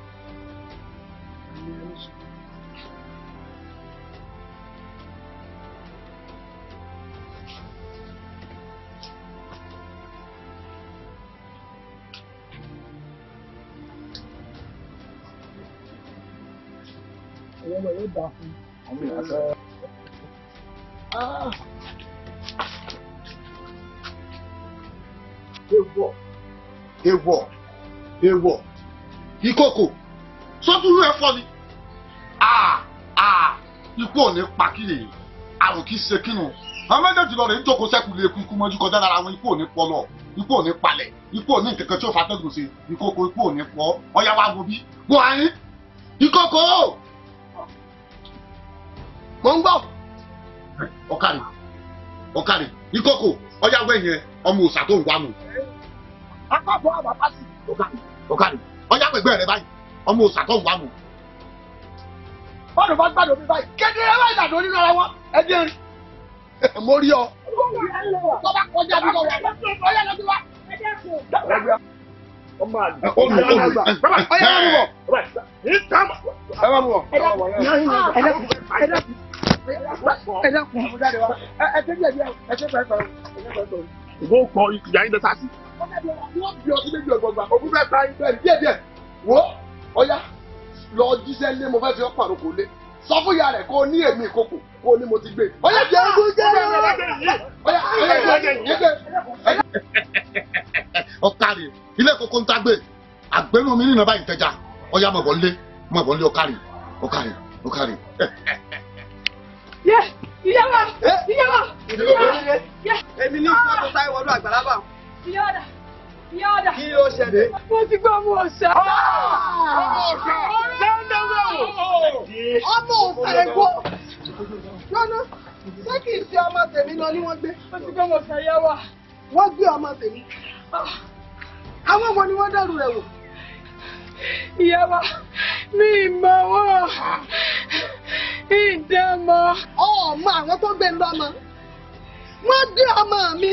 àwọn ọmọ yóò dà fún àwọn ọmọ yóò. Ah! ewọ ewọ ewọ ìkòkò sọtúrú ẹ̀fọ́ ni ah! Ah! ikú ò ní pa kí lèyìn àrùn kì í ṣe kínú àwọn méjèèjì lọ rè ń jókòó sẹ́kù lè kúkú mọ́jú kọjá lára wọn ikú ò ní pọ̀ lọ ikú ò ní palẹ̀ ikú ò ní nǹkankan tí ó fa tẹ́gùn sí ìkòkò ikú ò ní pọ̀ wa wo bí wọ́n á yín ń gbọ́ ọ̀kàrì ọ̀kàrì ìkókò ọjà wẹ̀yìn ọmọ òòsà tó ń wá mu. akábọ̀ àwọn bá sì ọ̀kàrì ọjà pẹ̀gbẹ́ rẹ báyìí ọmọ òòsà tó ń wá mu. bọ́ọ̀dù bá gbàdọ̀ mi báyìí kedere báyìí dàdó nínú ara wọn ẹ dé mo rí ọ. tọ́ba kọjá bí lọ́wọ́ ọ̀yà lọ́dún wa. ọmọ àgbà ọmọ àgbà ọ̀yà lọ́dún wa. ẹ bá mú ọ. ẹ bá mú ọ. ẹ bá mú ọ ẹ dákun ẹ tẹ́ bí ẹ bí ẹ tẹ́ fẹ́ fẹ́ ìbò kọ ìyá yín lọ́ta sí. wọ́n bí ọdún méjì ọgbọ̀ngbà òkú fẹ́ ta yín bẹ́ẹ̀ díẹ̀ díẹ̀ wò ó ọ̀yá lọ jíṣẹ́ lé mo fẹ́ fi ọ̀pọ̀ àròkò lé sọ fún ìyá rẹ̀ kó o ní èmi ìkókò kó o ní mo ti gbé. ọ̀yá jẹ́ ẹ̀rú jẹ́ ẹ̀rú ọ̀yá ọ̀yá jẹ́ ẹ̀rú jẹ́ ẹ̀rú. ọ̀kàrì ilé koko ń tágbé àgbẹ̀rù mi nínú báyìí tẹja ọ̀yá mọ̀bọ̀nlé mọ̀bọ̀nlé ọ̀kàrì ọ̀kàrì ọ̀kàrì yẹ ìyá wa ìyá wa yẹ. èmi ní ìfún ọtún táyé wọlé àgbàlá bá. ìyá ọ̀dà ìyá ọ̀dà. kí ló ṣẹlẹ̀. mo ti gbọ́ ah! ọmọ ọ̀sẹ̀. ọmọ ọ̀sẹ̀ lẹ́ndẹ̀wẹ̀ o. ọmọ ọ̀sẹ̀ ẹ̀gbọ́. lọ́nà ṣé kì í ṣe ọmọ tèmi lọ ni wọ́n gbé. mo ti ah. àwọn ọmọ ni wọ́n dẹ́rù rẹ̀ wò ìyá wa mi ìmọ̀ wọ́n ìdẹ́mọ̀. ọmọ àwọn tó gbé lọ́mọ wọ́n gbé ọmọ mi.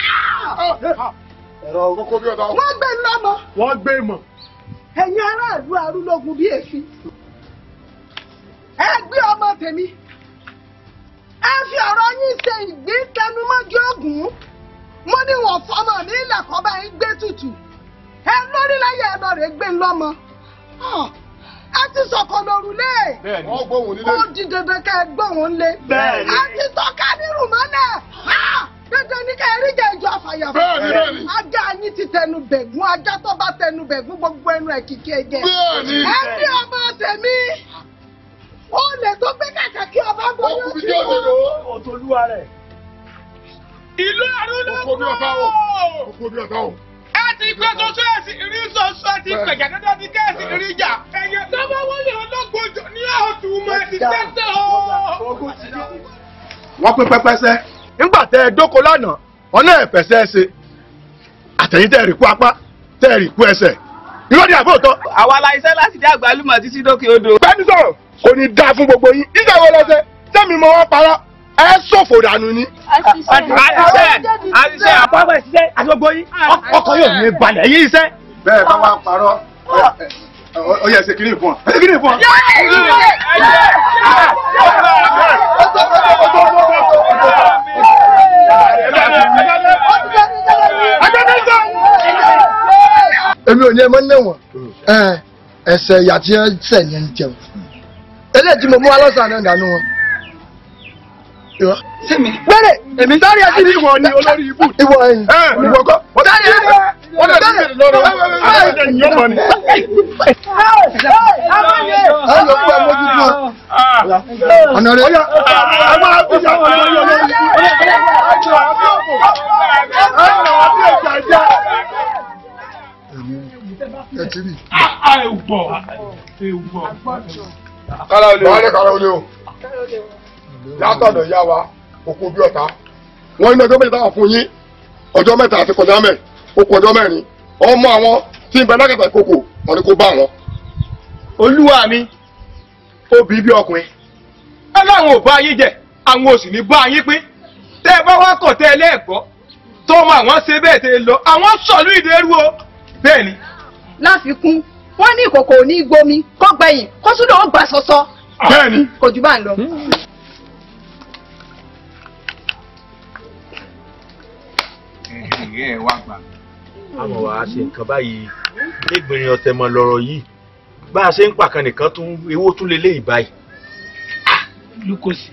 Ah! ẹ̀rọ kókó bí ọ̀dà. wọ́n gbé lọ́mọ. wọ́n gbé mọ̀. ẹ̀yin aráàlú arúgbógun bíi èéfín ẹ gbé ọmọ tèmi ẹ fi ọ̀rọ̀ yín ṣe ìgbín tẹnumọ́jú oògùn mo ní wọ́n fọmọ mi lẹ́kọ̀ọ́ bá yín gbé tutù ẹ lórí láyé ẹ lọ rè gbé lọ́mọ a ti sọkọ lórúlé ó di dandan ká ẹ gbóhùn lé a ti sọkà nírú mọ́lẹ̀ dandan ní ká ẹ rí jẹ ìjọ àfàyàfà ajá yín ti tẹnu bẹ̀gún ajá tó bá tẹnu bẹ̀gún gbogbo ẹnu ẹ̀ kìkì ẹ jẹ ẹ bí ọmọ tèmi ó lè tó gbé kàkà kí ọba gbóyún sí wọn. òtòlúwa rẹ̀ ìlú ẹ ti ti ya. o. wọ́n pín pẹ́pẹ́sẹ́ nígbà tẹ́ ẹ dóko lánàá ọ̀nà ẹ̀fẹ̀sẹ̀ ṣe àtẹ̀yìn tẹ́ ẹ rí kú apá tẹ́ ẹ rí kú ẹsẹ̀ irọ́ ni àbóòtọ́. àwa la iṣẹ́ láti dé títí dókè odò. bẹ́ẹ̀ni sọ̀rọ̀ kò ní dáa fún gbogbo yín ẹ ṣòfò dànù ni. àṣìṣe àṣìṣe àpapọ̀ ìṣiṣẹ́ àti gbogbo yín ọkọ̀ yóò ní balẹ̀ yín iṣẹ́. bẹ́ẹ̀ bá wa parọ́ ó yẹ ṣe kiri fún ọ ṣe kiri fún ọ. èmi ò ní ẹ mọ ní ẹ̀wọ̀n ẹsẹ ìyá tí ẹ sẹ ní ẹ jẹun eléyìí tí mo mú alọ́sàn náà dànù wọn gbẹrẹ èmi sáré ẹsẹ ni ìwọ ni olórí ibù ìwọ ẹ̀yìn ìwọ kọ wọn ti di ìwọ wọn ti di ìwọ lọ́rọ̀ àwọn ẹ̀jẹ̀ ni yọmọ ni. a lọ fún ẹmọ dúdú ọ̀nà rẹ. a máa fi ṣàkóso lórí olórí ibù. a nà wá bí ẹja jẹ. ẹ ti rí. a ẹ gbọ́ ẹ gbọ́. kára olè o. kára olè o látọ̀dọ̀ yá wa òkú bí ọ̀tá wọ́n ní ọjọ́ mẹ́ta táwọn fún yín ọjọ́ mẹ́ta àti kọjá mẹ́ ó kú ọjọ́ mẹ́rin ọmọ àwọn tí ń bẹ lákàtà ìkókò wọn ni kó bá wọn. olúwa mi obì bí ọkùnrin ẹ láwọn ò bá yín jẹ àwọn ò sì ní bá yín pín tẹ ẹ bá wá kọ tẹ ẹ lẹ́ẹ̀kọ́ tọmọ àwọn ṣe bẹ́ẹ̀ tẹ lọ àwọn sọ̀lú ìdẹ́rù o bẹ́ẹ̀ ni. láfikún wọn ní ìkòkò ò ní gbomi kọgbẹyìn kọsúdò ó gbà sọsọ. bẹ́ẹ̀ni kò jù bá ń lọ. Hmm. àyè ẹ̀ wá gbà. àwọn wàá ṣe nǹkan báyìí lẹ́gbẹ̀rin ọ̀tẹ̀ mọ̀ lọ́rọ̀ yìí bá a ṣe ń pàkan nìkan tún ewó tún lè lé ìbáyìí. Ah, lukosi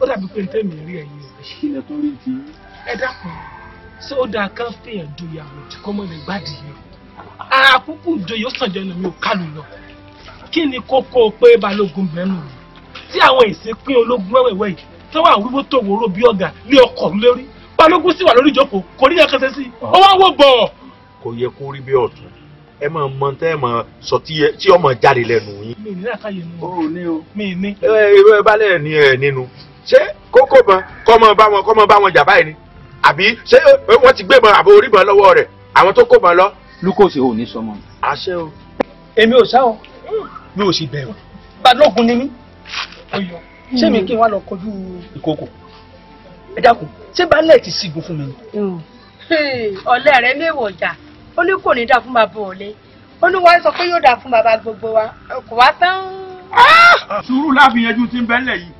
ó dàbí pé ntẹ́mi rí ẹ̀yin ìṣílẹ̀ tó rí ti ẹ dákun ṣé ó dáa ká fèèyàn doyàwó tí kọ́mọ rẹ̀ gbádìí yẹn ara púpù doyè ó sàn jẹun mi ò kálù lọ kí ni kókó pé balógun bẹ́ẹ̀nù tí àwọn ìsìnkú ológun wẹ́wẹ́wẹ́ yìí tó wà wíwó tó wòró bí ọ̀gá lé ọkọ̀ lórí balógun sì wà lórí ìjókòó kò ní kankan ṣe sí i ó wá wò bọ̀. kò yẹ kó rí bí ọ̀tún ẹ máa mọ tẹ́ ẹ máa sọ tí ọmọ jáde lẹ́nu yín. mi ní làkàyè nù. o ní o. mi ní. ẹ ẹ balẹ̀ ni ẹ nínú ṣé kókó mọ kọ́ bá wọn kọ́ bá wọn jà báyìí ni àbí ṣé wọ́n ti gbé mọ àbò orí mọ lọ́wọ́ rẹ̀ àwọn tó kó mọ lọ. lukosi ò ní sọmọ. àṣẹ o. èmi ò sá o mi ò sì bẹ̀ o balógun ni mí ṣé mi kí n wá lọ kojú ìkòkò ẹ dákun ṣé balẹ̀ ti sígun fún mi ni. Oh. Hmm, ọ̀lẹ́ rẹ̀ léèwọ̀ ọjà ó ní kò ní dáa fún bàbá ọ̀lẹ́ ó ní wọ́n sọ pé yóò dáa fún bàbá gbogbo wa kò wá tán. Ah! sùúrù láàfin yanjú ti ń bẹ́lẹ̀ yìí.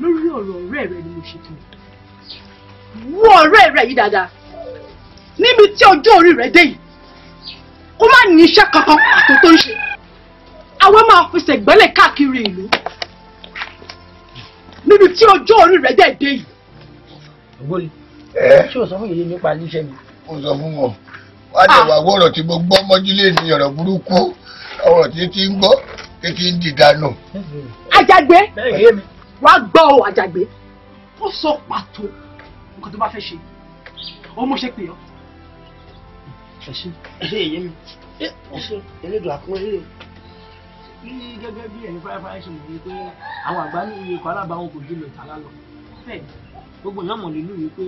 lórí ọ̀rọ̀ ọ̀rẹ́ rẹ ni mo ṣètò wú ọ̀rẹ́ rẹ yìí dáadáa níbi tí ọjọ́ orí rẹ dé yìí kó má ní iṣẹ́ kankan àtò tó ń ṣe àwa máa fẹsẹ̀ gbẹ́lẹ̀ káàkiri ìlú níbi tí ọjọ́ orí rẹ dẹ̀ dé yìí gbórí ṣé o sọ fún yèyé nípa iléeṣẹ́ mi. mo sọ fún wọn wá dẹ̀ wá wọ̀rọ̀ tí mo gbọ́ mọ́júlé ní ọ̀rọ̀ burúkú ọ̀rọ̀ tí ti ń gbọ́ tí ti ń dìdánù. àjàgbé wá gbọ́ ọ àjàgbé ó sọ pàtó nǹkan tó bá fẹ́ ṣe ó mọ̀ ṣe pé ọ́. ẹ ṣe ẹ ṣe èyí mi ẹ ṣe ẹlẹ́dùn àpọ́nlé o ní gẹ́gẹ́ bí ẹ̀yin fáráfárá ṣe mọ̀ wípé àwọn àgbà ní iye kan alábàáwọn kò ju lọ ìtàlá lọ bẹ́ẹ̀ gbogbo èèyàn mọ̀ nílùú yìí pé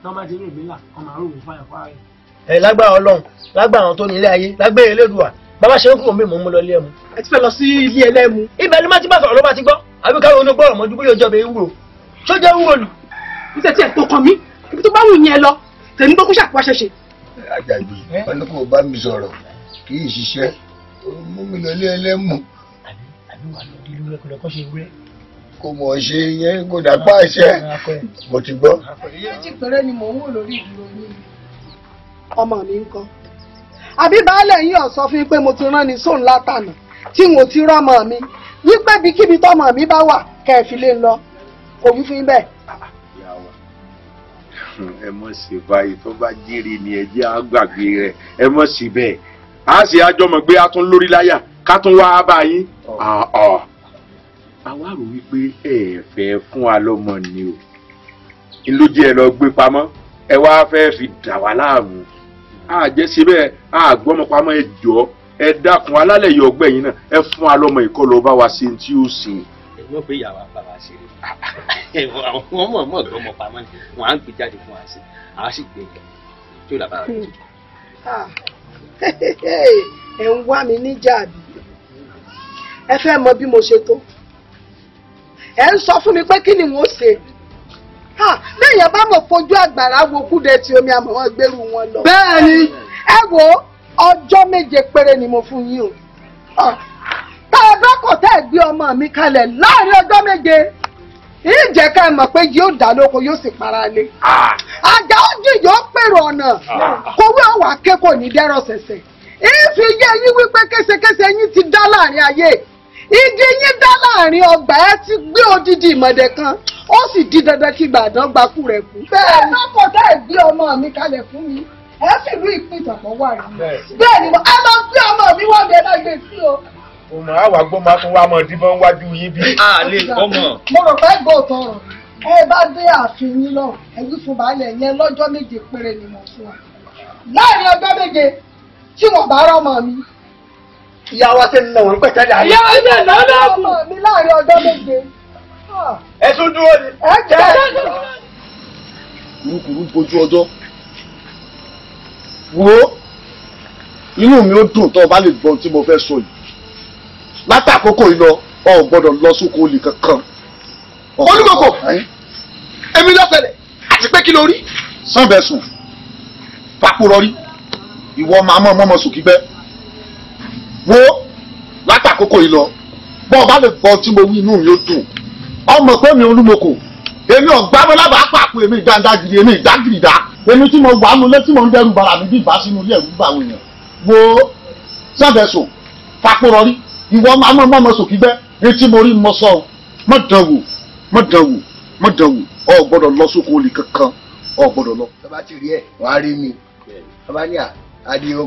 tí wọ́n bá ti rí ìgbélà ọmọ àrùn òun fáyà fáyà. ẹ lágbára Ọlọ́run lágbára àwọn tó ní ilé ayé lágbára Elédùà bàbá ṣe ń kúrò mí mò ń mú lọ ilé ẹmu. ẹ ti fẹ́ lọ sí ilé ẹlẹ́mu. ibẹ̀ ni má ti bá sọ̀rọ̀ ló bá ti gbọ́ àbí káwọn onígbọ̀rọ̀ mọ́jú bóyá ọjọ́ bẹ́ẹ̀ wúro ṣó jẹ́ wúro lù. iṣẹ́ tí ẹ̀ tó kàn mí ibi tó bá wù yẹn lọ tèmi gbọ́ kó ṣàkóso ṣẹṣẹ. àjàgbé wọn kò bá mi sọ̀rọ̀ kì í ṣiṣẹ́ mú mi lọ ilé ẹlẹ́mu. àbí wà lọ kò mọ̀ ṣe yẹn kò dàgbà ṣe mo ti gbọ́. méjì péré ni mò ń wò lórí ìdúró yín. ọmọ mi ń kọ́ àbí baálé yín ọ̀ sọ fún mi pé mo ti rán ni sóun látànà tí n ò ti rán ọmọ mi wípé bíkíbi tọmọ mi bá wà kẹ́ ẹ fi lè e lọ kò wí fún bẹ́ẹ̀. ẹ mọ̀ sí báyìí tó bá jírí ni ẹ jẹ́ àgbàgbé rẹ̀ ẹ mọ̀ sí bẹ́ẹ̀ a sì àjọmọ̀ gbé a tún lórí láyà ká tún wá bá yín. Ah, àwa rò wípé ẹ fẹ́ fún wa lọ́mọ ni o ńlójú ẹ lọ gbé pamọ́ ẹ wá fẹ́ fi dà wá láàmú àjẹsí bẹ́ẹ̀ àgbọ́mọ pamọ́ ẹ jọ ẹ dákun alálẹ̀ yọ ọgbẹ́ yìí náà ẹ fún wa lọ́mọ ìkọlù ọba wa ṣe tí ó sìn. ẹ mọ̀ pé ìyàwó àbára ṣe é àwọn ọmọ ọmọ ọgbọmọ pamọ́ ni wọn á ń gbé jáde fún wa sí àá sì gbé yẹn tó làbára rẹ ẹ ń wá mi níjà àbí ẹ fẹ́ mọ bí mo ṣe tó ẹ ń sọ fún mi pé kí ni wọ́n ṣe lẹ́yìn bá mọ̀ fojú agbara wo kúdẹ ti omi àmọ́ wọn gbèrú wọn lọ. bẹ́ẹ̀ni. e wo ọjọ́ méje péré ni mo fún yín o tá a bá kọ̀ tẹ́ ẹ gbé ọmọ mi kalẹ̀ láàrin ọjọ́ méje ìjẹ́ ká ẹ mọ̀ pé yóò dá lóko yóò sì para lé àjà ojú yóò pèrò ọ̀nà kówé ọ̀wà akẹ́kọ̀ọ́ ní dẹ́rọ̀ ṣẹ̀ṣẹ̀ ìfi yé yín wípé késekése yín ti da láàrin ayé. igi yín dá láàrin ọgbà ẹ ti gbé odidi ìmọ̀dẹ̀ kan ó sì di dandan kí gbàdán gbakú rẹ̀ kú. bẹ́ẹ̀ ló kò dá ìgbé ọmọ mi kalẹ̀ fún mi ẹ sì rí ìpín ìtàpọ̀ wà rí i bẹ́ẹ̀ ni ẹ lọ gbé ọmọ mi wọ́n mi ẹ gbé sí o. ọmọ àwa gbọ́ máa tún wá ọmọ ìdíbọn wájú yín bí. a lè kọ́mọ. mo rò pé gbọ́ tọrọ ẹ bá dé ààfin yín lọ ẹ̀yìn fún baálẹ̀ yẹn lọ́jọ́ méje péré ni mo fún wa láàrin ọjọ́ méje tí wọ́n bá rọ́mọ mi ìyá wa ṣe ń nà wọ́n pẹ̀tẹ́ dà ní. ìyá wa ṣe ń nà náà kù. mi láàrin ọjọ́ méje. ẹ tún dúró ni. ẹ jẹ́ kúrúkúrú gbojú ọjọ́ wo inú mi ó dùn tó o bá lè gbọ́n tí mo fẹ́ sọ yìí látàkókò yìí lọ ọ ò gbọ́dọ̀ lọ sóko olè kankan. olùkókò èmi lọ́sẹ̀lẹ̀ àti pé kí ló rí. sanbẹ̀sùn papò rọrí ìwọ máa mọ̀ mọ́mọ́ sùn kígbẹ́ wo látàkókò yìí lọ bọ́ ọ bá lè gbọ́ tí mo wí inú mi ó dùn ọmọ pé mi olúmọkò èmi ọ̀gbábẹ́ lábàá pàpò èmi ìdáńdágìrì èmi ìdágìrìdá èmi tí mo wà nulẹ̀ tí mo ń dẹrù bara mi bí ìbá sínú ilé ẹ̀rú bá àwọn èèyàn wo sẹ́fẹ̀sọ̀ fapọ̀rọ̀ rí ìwọ ọmọ ọmọ sòkì bẹ́ etí mo rí mọ sọ ọ mọ dàn wò mọ dàn wò mọ dàn wò ọ gbọ́dọ̀ lọ sóko olè kankan ọ gbọ́dọ̀ lọ. bàbá ti rí ẹ wàá rí mi bàbá ní à àdìyẹ o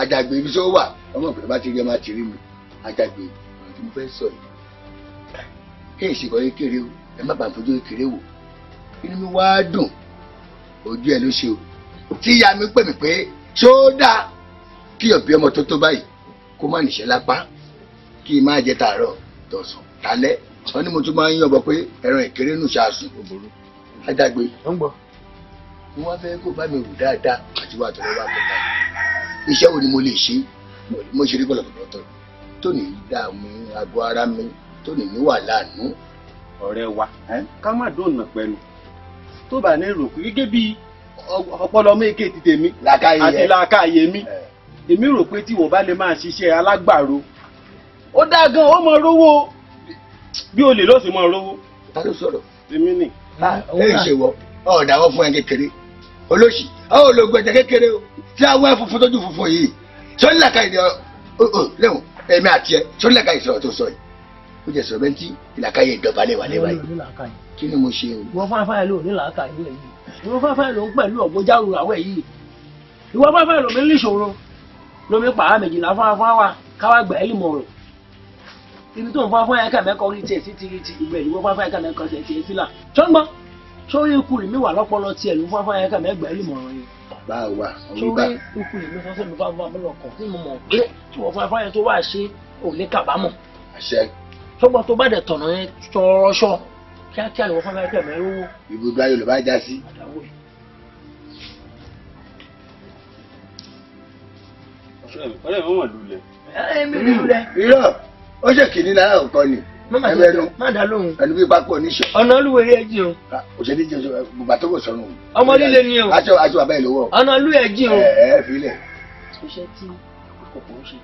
àjàgbé ibi tó wà ọmọ ìpínlẹ̀ bá ti rí ọmọ àti mi àjàgbé ọ̀rọ̀ fẹ́ sọ yìí kí èsì kọ́ kékeré o ẹ má bàa fojú kékeré wò inú mi wá dùn ojú ẹ ló ṣe o tí ìyá mi pè mí pé ṣó kí ọ̀bí ọmọ tó tó báyìí kó má níṣẹ́ lápá kí n má jẹ tààrọ̀ tọ̀sán tálẹ́ wọn ní mo tún máa ń yọ̀bọ̀ pé ẹran ìkéré nù ṣáàsùn àjàgbé mo wá fẹ́ kó bá mi wù dáadáa àti wà tó lọ́wọ́ àgbẹ̀dá iṣẹ́ wo ni mo lè ṣe mo ṣe rí gbọ̀lọ̀gbọ̀lọ̀ tọ́ tóní dààmú agbo ara mi tóní ní wàhálà nù. ọ̀rẹ́ wa ká má dòònà pẹ̀lú tó bá ní rò pé gẹ́gẹ́ bí ọpọlọ méèké ti tèmi àti làákàyè mi èmi rò pé tí wọ́n bá lè máa ṣiṣẹ́ alágbàro ó dáa gan ó mọ rówó bí olè ló sì mọ rówó. ta ló sọ̀rọ̀. èmi nì. Ah, ah, ẹ ẹ ṣe wọ ọ̀dà wọ́n fún ẹ kékeré olóṣì ọ̀ ò lò gbẹ̀dẹ̀ kékeré o tí àwọn ẹ̀ funfun tójú funfun yìí sọ́ni làkà ìdí ọ̀hún lẹ́wọ̀n ẹ̀mí àti ẹ̀ sọ́ni làkà ìsọ̀rọ̀ tó sọ yìí ó jẹ́ sọ̀rọ̀ bẹ́ntì ìlàkàyè ìjọba lẹ́wà lẹ́wà yìí kí ni mo ṣe o. ìwọ fáfáyà ló ní làákàyè yìí ìwọ fáfáyà ló ń pẹ̀lú ọ̀gbọ́járu àwẹ̀ yìí ìwọ fáfáyà ló mi ń níṣòro lómi pàrọ̀ méjìlá fáfáwà káwá gbà ẹ́ lìmọ̀ràn ibi tó ń fáfáyà kà mẹ́kọ̀ọ́ rí tiẹ̀ sí tiriti ìwẹ̀ ìwọ fáfáyà kà mẹ́kọ̀ọ́ tiẹ̀ tiẹ̀ sílà ṣọ́ngbọ́n sórí ikú rì mí wà lọ́pọlọ tiẹ̀ ló fáfáyà kà mẹ́gbà ẹ́ lìmọ̀ràn yìí bá wa orí bá. torí ikú yìí ló sọ sẹ́mi fáfáfá mi lọ́kàn tí mo mọ̀ pé tí wọ́n fáfá yẹn tó wá ṣe ò ní àṣẹ. sọgbọn tó bá dẹ̀ tọ̀nà yẹn tọrọṣọ kíákíá ni wọ́n fáfá yẹn kẹ̀mẹ́ ibùdó ayọ̀ ló bá já sí. ọ̀rẹ́ mi ọmọ lulẹ̀. ẹ ẹ mi lulẹ̀. irọ́ ó ṣèkìní náírà ọ̀kan ni mẹ́màdàlóhùn ẹnu bí pákó oníṣọ. ọ̀nà olúwèrè ẹ̀jì o. òṣèlú jẹ́ bùbá tó kò sọnù. ọmọ líle ni o. aṣọ aṣọ bàbá yìí lówó. ọ̀nà olú ẹ̀jì o. ẹ ẹ filẹ̀. ṣiṣẹ́ tí kòkòrò ṣe.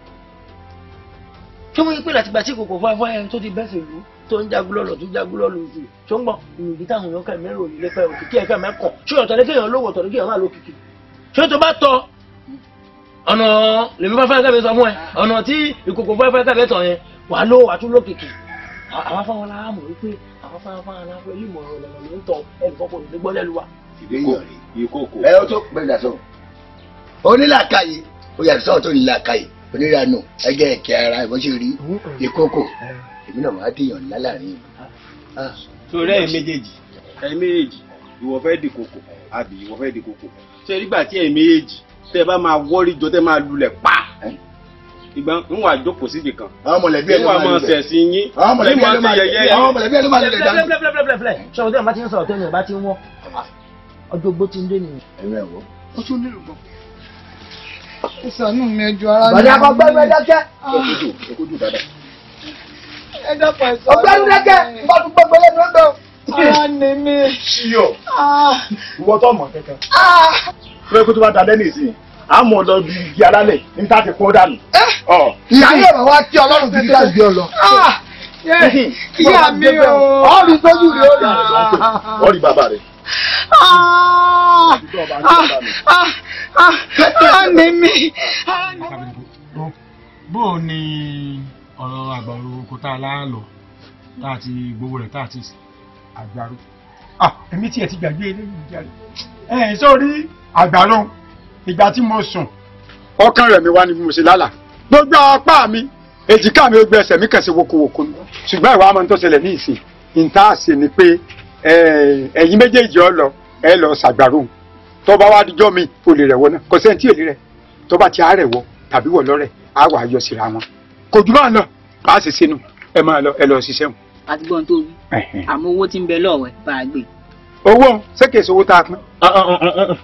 kí wọ́n yí pé látìgbà tí kòkòrò fún afọ́yẹ́ tó ti bẹ́sẹ̀ lù tó ń jagunlọ́lọ̀ tó jagunlọ́lọ̀ oṣù tó ń gbọ́ ìròyìn táwọn èèyàn kẹ́mi rò nílé fẹ́ òkìkí ẹ̀ka mẹ́kàn ṣé ọ̀tọ̀ ní kéèyàn lówó ọ̀tọ̀ kéèyàn máa lókìkí ṣé tó bá tọ ọ̀nà lèmi fáfáyà kábẹ́ fún ẹ ọ̀nà tí ìkòkò fáfáyà kábẹ́ tọ̀ yẹn wàá lówó wàá tún lókìkí àwọn afáwọn aláwọ̀ mọ̀ wípé àwọn afáwọn aláwọ̀ yìí mọ̀ ọ̀rọ̀ ló ń tọ ẹnìfọ́pọ̀ ní gbọ́dẹ̀ ló wà. ìkókò ẹ ó tó gbẹdà sọ onílàkàyè ó yàtọ̀ sọ́ọ̀ tó nílàkàyè oníranù ẹgẹ́ ẹ̀kẹ́ ara ìbọn ṣe rí mm-hmm. ìkókò eh. èmi náà máa dìyàn ńlá láàrin ìlú. torí ah. ẹ méjèèjì ẹ méjèèjì ìwọ fẹ́ di kòkò àbí ìwọ fẹ́ di kòkò ṣé nígbà tí ẹ méjèèjì tẹ bá máa wọ́rí jọ tẹ máa lulẹ̀ pa eh? ìgbà ń wà jókòó síbi kan. àwọn mọ̀lẹ́bí ẹ̀ ló máa lọ bẹ̀ àwọn mọ̀lẹ́bí ẹ̀ ló máa lọ bẹ̀ àwọn mọ̀lẹ́bí ẹ̀ ló máa lọ bẹ̀ dání. pẹ̀lẹ́pẹ̀lẹ́pẹ̀lẹ́ sọ̀rọ̀ tẹ́lẹ̀ bá ti ń sọ̀rọ̀ tẹ́lẹ̀ bá ti ń wọ́ ọjọ́ gbó ti ń dé nìyẹn. ẹ̀rẹ́ ẹ̀wọ́ ó tún nílùú gbọ́. ìsànú mi ẹjọ́ ara mi. bàdé akọgbẹ́ mi ẹ̀dákẹ́. ọgbẹ́ mi ẹ̀dákẹ́ bá tún gbọ́ gbọ́lẹ́ ní ọ̀dọ̀. ara ni mi. ṣiyọ ìwọ tó mọ̀ kẹ́kẹ́. pé kó tó bá ta dẹ́nì sí i àmọ́ lọ bí igi alálẹ̀ níta ti kó dànù. Eh, ìyá yóò bá wá kí ọlọ́run ti dídá gbé ọ lọ. Ah! ìyá mi o. ọ̀rì tójú rẹ̀ ó rí. ọ̀rì bàbá rẹ̀. Ah! àmì ah! mi. bó ni ọ̀rọ̀ àgbàrò oko tá a lá lọ tá a ti gbowó rẹ̀ tá a ti àgbàrò. èmi tiẹ̀ ti gbàgbé eléyìí jáde. ẹ̀ sọ́ọ́rí àgbàrò ìgbà tí mo sùn ọkàn rẹ̀ mi wá ni mo ṣe lálà gbogbo apá mi èjìká mi ó gbé ẹsẹ̀ mi kẹsẹ̀ wokowoko ni ṣùgbọ́n ìwà ọmọ tó ṣẹlẹ̀ ní ìsìn níta ṣe ni pé ẹ̀yin méjèèjì ọ lọ ẹ lọ ṣàgbàrò tó bá wá dijọ́ mi o lè rẹ̀ wọ náà kò sẹ́ni tí èlé rẹ̀ tó bá ti àárẹ̀ wọ tàbí wọ̀ lọ́rẹ̀ á wà yọ síra wọn kò jù bá lọ bá a ṣe sínú ẹ máa lọ ẹ lọ ṣiṣẹ́ wọn. àti gbọ́n tó wí àmọ́ owó tí ń bẹ lọ́wọ́ ẹ̀ bá a gbé owó sékè sówó tá a pín.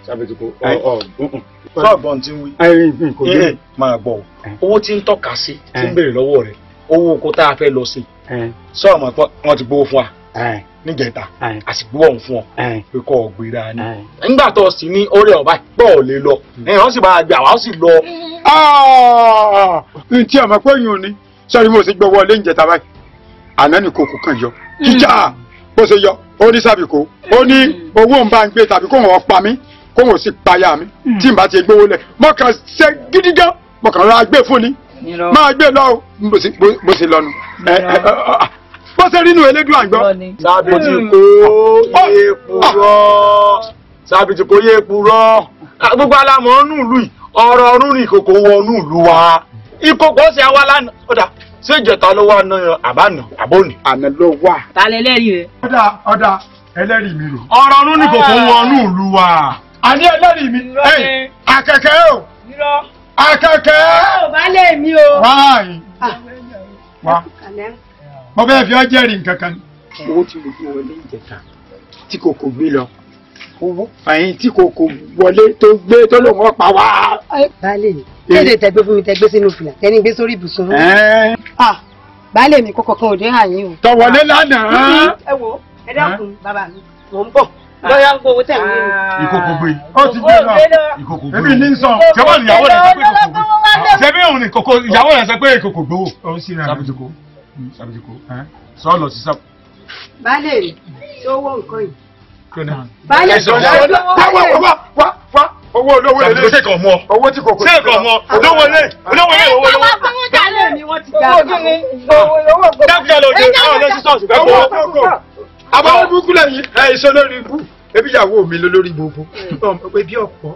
sàbẹ̀tìkọ ah, ah, ah, sọ́ọ̀bọ̀n ti ń wí máa gbọ́ owó tí ń tọ́ka sí tí ń béèrè lọ́wọ́ rẹ̀ owó oko tá a fẹ́ lọ sí sọ́ọ̀mọ̀ wọn ti gbowó fún wa níjẹta àsìkò ọ̀hún fún ọ pé kọ́ ọ gbéra ni nígbà tó sì ní orí ọ̀bá pọ̀ lè lọ hmm. ẹ̀rọ sì máa gbà wá ó sì lọ. ntí àmọ́ pé yìí ò ní sọ́ọ́ni mo sì gbọ́ wọlé níjẹta báyìí àná ni kòkò kan yọ hmm. jíjà bó ṣe yọ ó ní sàbíkó ó ní owó ń bá ń gbé tàbí kó wọn pa mí kó wọn sì payá mi hmm. tí n bá ti gbówó lẹ mọkàn ṣe gidi gan mọkàn rà gbé fún ni máa gbé lọ bó ṣe lọnu bó ṣe rínú elédùn àgbọn. sàbìtì kò yé purọ́ sàbìtì kò yé purọ́ gbogbo alamọ̀ ọ́nù ìlú yìí ọ̀rọ̀ ọ̀run ni ìkòkò wọnú ìlú wa ìkòkò ṣe àwa lánàá ṣé ìjẹta ló wà náà àbánu àbóni. àná ló wà. ta lẹ lẹ́rìí rẹ. ọ̀dà ọ̀dà ẹlẹ́rìí mi rò. ọ̀rọ̀ ọ̀run ní kòkó wọnú ìlú wa. àní ẹlẹ́rìí mi. akẹ́kẹ́ o. akẹ́kẹ́. ọ̀ bá lè mí o. wáyé ah. wá. mo bẹ́ẹ̀ fi ọ́ jẹ́rìí nǹkan kan. owó tí mo fi wọlé ìjẹta tí kò gbé lọ owó ẹ̀yìn tí kò wọlé tó gbé tó lòun ọ̀pá wá baálé mi léde eh. tẹgbẹ́ fún mi tẹgbẹ́ sínú fìlà tẹni gbé sórí ibùsùn fún mi. Eh. baálé mi kókò kan ò dé àyín o. tọwọlé lánàá. Mm-hmm. ẹ wo ẹ dákun eh. bàbá mi mò ń bọ̀ lọ́yà ń gbowó tẹ̀ mí. Ah. ìkókó gbé ó ti gbé náà ìkókó gbé èmi ní sọ jẹ́wọ́ ìyàwó rẹ̀ sọ pé ìkókó gbé jẹ́bí òun ni kókó ìyàwó rẹ̀ sọ pé ìkókó gbé o. ó sì rà sàbìtìkó sàbìtìkó sọ ọ lọ sí sàb. baálé mi tó wọ nǹkan yìí. baálé mi tó wọ nǹkan yìí owó olówó lè lè owó tí kò kò sí ọ olówó lè olówó lè owó lówó. owó gíní owó lówó. dákúlẹ̀ lòdì ọ̀rọ̀ lọ́sí sọ́ọ̀sì fẹ́ kọ́. àbáwọ̀ burúkú lẹ́yìn ẹ̀ ìṣẹ́ lórí ibú ebi ìyàwó mi ló lórí gbogbo hmm. ọmọ pé bí ọ̀pọ̀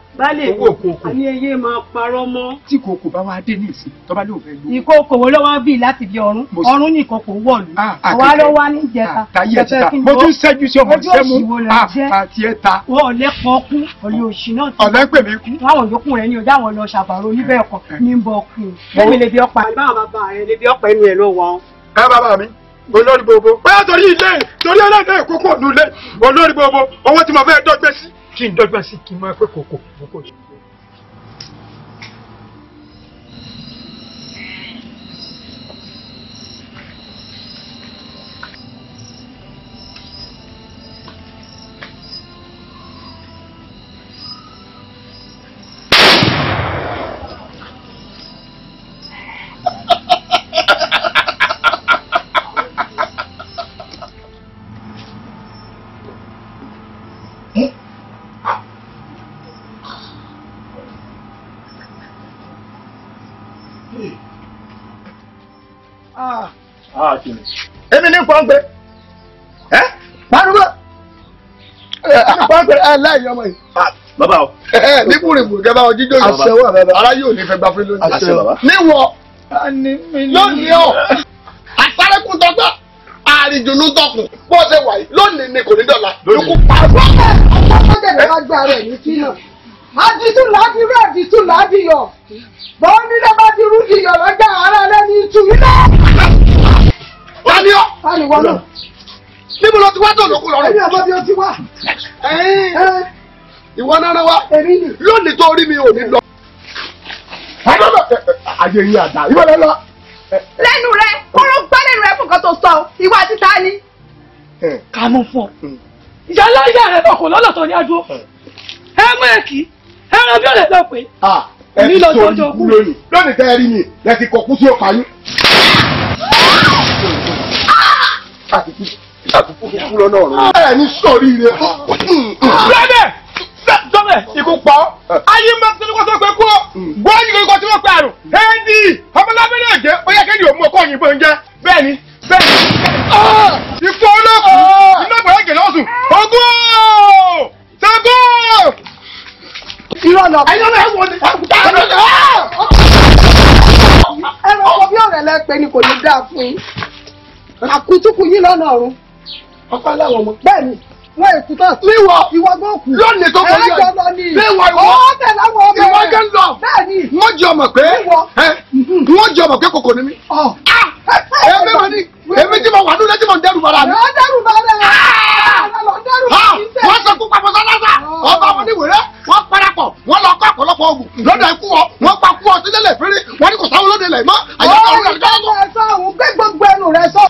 owó òkòkò. àní eyé máa parọ́ mọ́. tí kòkò bá wá dé ní ìsìn tọ́ba ló fẹ́ lò. ìkòkò wo ló wá bì láti bí ọ̀run ọ̀run ní ìkòkò wọ̀ lù. Ah, ah, àwa ló wá ní ìjẹta. àtàyè ah, ẹ̀ta mo tún ṣẹ́jú sí ọmọ ìṣẹ́mu àti ẹ̀ta. wọ́n ọ̀lẹ́ pọ̀ kú ọ̀lẹ́ òṣì náà ti. ọ̀lẹ́ pè mí kú. láwọn yòókù rẹ ni ọjà wọn lọ ṣàbàrò oníbẹ̀ eh, ọkọ̀ eh. ní bọ̀ kù. ẹ̀mí olórí gbogbo báyà torí ilé torí ẹlẹ́dẹ̀ kókó ònú ilé olórí gbogbo owó tí mo fẹ́ dọ́gbẹ́ sí kí n dọ́gbẹ́ sí kí n máa pé kókó kókó yìí. èmi ní pọ́ńpé ẹ́ pariwo ní pọ́ńpé aláìyọ ọmọ yìí. bàbá o. ní kúrìmù kẹfà ọ jíjó yìí. àṣẹ wà bàbá ara yóò ní fẹ́ gba fún lónìí. àṣẹ bàbá. níwọ lónìí ọ àsárẹ́kù tọ́gbà àrìjùlù tọkùn bó ṣe wà yìí lónìí ni kò ní dọ̀la. lónìí ló kú pa. ọ̀pọ̀ ọ̀pọ̀ tẹ̀lé wá gbára ẹ̀ ní fílà àdìtú làbí rẹ̀ àdìtú làbí yọ̀ bọ́ọ̀ nílẹ̀ bá ti rú ìyọ̀ lọ́jà ara lẹ́ni ìtú ilé. Taniọ́. Taniwọ Níbo ló ti wá dọ̀nà kú lọ́rọ̀? Èmi àbọ̀ bí o ti wá. Ìwọ náírà wa. Èmi ni. Lónìí tó rí mi ò ní lọ. Ayé yín àdá, ìwọ lẹ lọ. Lẹ́nu rẹ, kóró gbá rẹ fún kan tó sọ, ìwọ àti ni. Ká fún ọ. Ìyá ńlá ìyá náà kò lọ́lọ́ ní adúró. Ẹ mú èkì ẹran bí ó lè lọ pé. ẹ ti sọ ikú lónìí lónìí tẹ́ ẹ rí mi lẹ ti kọkú sí ọkọ ayé. àtìkú àtìkú kúkú lọ́nà ọ̀run. ẹ ní sọ̀rí rẹ. bẹ́ẹ̀ sọ́bẹ̀ ikú pọ̀ ayé máa tẹ́lẹ̀ kọ́ sọ́kọ̀ ẹ̀kú gbọ́yìn kò tí wọ́n pa àrùn hẹ́ndì ọmọlábẹ́ náà jẹ́ ó yẹ kẹ́ni òun ọkọ̀ òyìnbó ń jẹ́ bẹ́ẹ̀ ni bẹ́ẹ̀ ni ikú olókùn ah! iná gbọ́dọ̀ jẹ̀ lọ́sùn ògùn ṣẹ́gun irọ́ lọ. ẹ̀yin ọ̀nà ẹ̀wọ̀n ni. ẹ̀rọ ọkọ bí ọ̀rẹ́ lẹ́pẹ́ ni kò ní dáa fún yín. àkútúkù yín lọ́nà ọ̀run. ọkọ aláwọ̀ mọ. bẹ́ẹ̀ni wọn èkú tán. wíwọ ìwọ gbọ́ kù. lónìí tó kọjá ẹjọ lọ ni. wíwọ ìwọ ọwọ́ tẹ̀ láwọn ọmọ rẹ. ìwọ gẹ́ ń lọ. bẹ́ẹ̀ni. wọ́n jẹ́ ọmọ pé. wíwọ. wọ́n mhm. jẹ́ ọmọ pé kòkò ni mí. Ah! èmi mà ní èmi tí mo wà nílé tí mo ń ah! ah! ní wèrè pa ọ̀pọ̀lọpọ̀ lọ́dọ̀ ikú ọ wọ́n pa kú ọ sílẹ̀ lẹ̀ fẹ́rẹ́ wọ́n kò sáwọn lóde lẹ̀ mọ́ àyẹ̀kọ́ ọ̀rọ̀ rẹ̀ tó. ọ̀rọ̀ ẹ̀sọ́ àwọn gbé gbogbo ẹnu rẹ̀ sọ.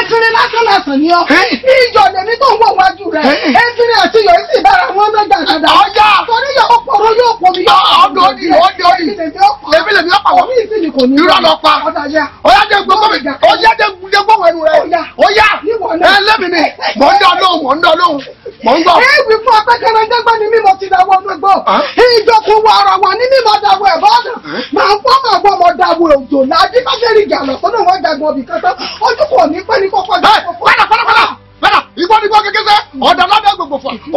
Ètùrí lásán lásán ni ọ. Ìjọ lèmi tó ń wọ̀ wájú bẹ́ẹ̀. ẹnjìnì àti yọ̀ọ́ sì bára wọn mẹ́jà dada. ọjà torí yọ̀ọ́ pọ̀rọ̀ yóò pọ̀ mi. ọdún òdì òdì òdì èmi lèmi ọ̀pá wọ̀. mi ìsìn kò ní. irọ́ lọ pa. ọ̀yá jẹ́ gbogbo mi ọ̀yá jẹ́ gbogbo ẹnu rẹ̀. ọ̀yá ẹ lẹ́mìnì mọ̀ ń dán lóhùn mọ̀ ń dán lóhùn mọ̀ ń gbọ́. ẹ wí fún ọpẹ kẹrẹndẹgbẹ ni mímọ ti dáwọ ọdún ìjọkùn wa ara wa ni mímọ dáwọ ẹ bọ́ọ̀dà. màá gbọ́ màá gbọ́ mọ dáwọ òjò láàdí bá jẹ́rìí ìjà lọ sọ́dọ̀ wọn jagun ọbì kan ojú kò ní pẹ́ ní kọ́kọ́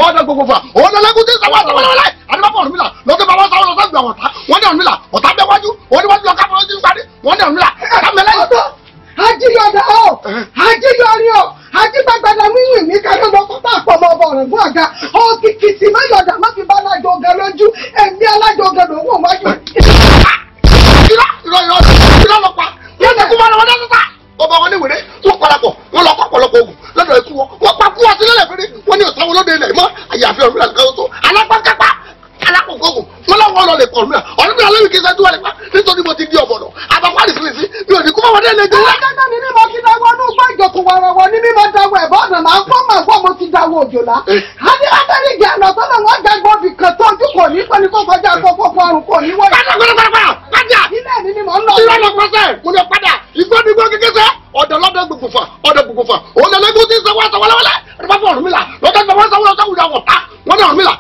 ọ̀dọ̀ gbogbo fa ọ̀dọ̀ lẹ́gùn tí sáwọn àtàwọn ọ̀lẹ́ àdìbàbọ̀ ọ̀rùn mi là lọ́kẹ́ bàbá sáwọn ọ̀sán gbà wọ̀ta wọ́n dẹ̀ ọ̀rùn mi là ọ̀tá bẹ́ wájú oníwájú lọ́kà fọlọ́jú parí wọ́n dẹ̀ ọ̀rùn mi là àwọn òjòlá eh. adé abẹ́rẹ́ ìjà ọ̀nà tọ́lọ̀ wọn jagun obì kan tó ojú kò ní kò ní kó kọjá kó kó kó àrùn kò ní wọ́n. padà gbọ́dọ̀ padà padà ilé mi ni mò ń lọ. irọ́ lọ pọ́sẹ̀ mo lè padà ìgbónigbó kékeré ọ̀dọ̀ lọ́dọ̀ gbogbo fà ọ̀dọ̀ gbogbo fà òun lẹ́lẹ́gbẹ́ tí ń sanwó àtàwọn lọ́wọ́lẹ́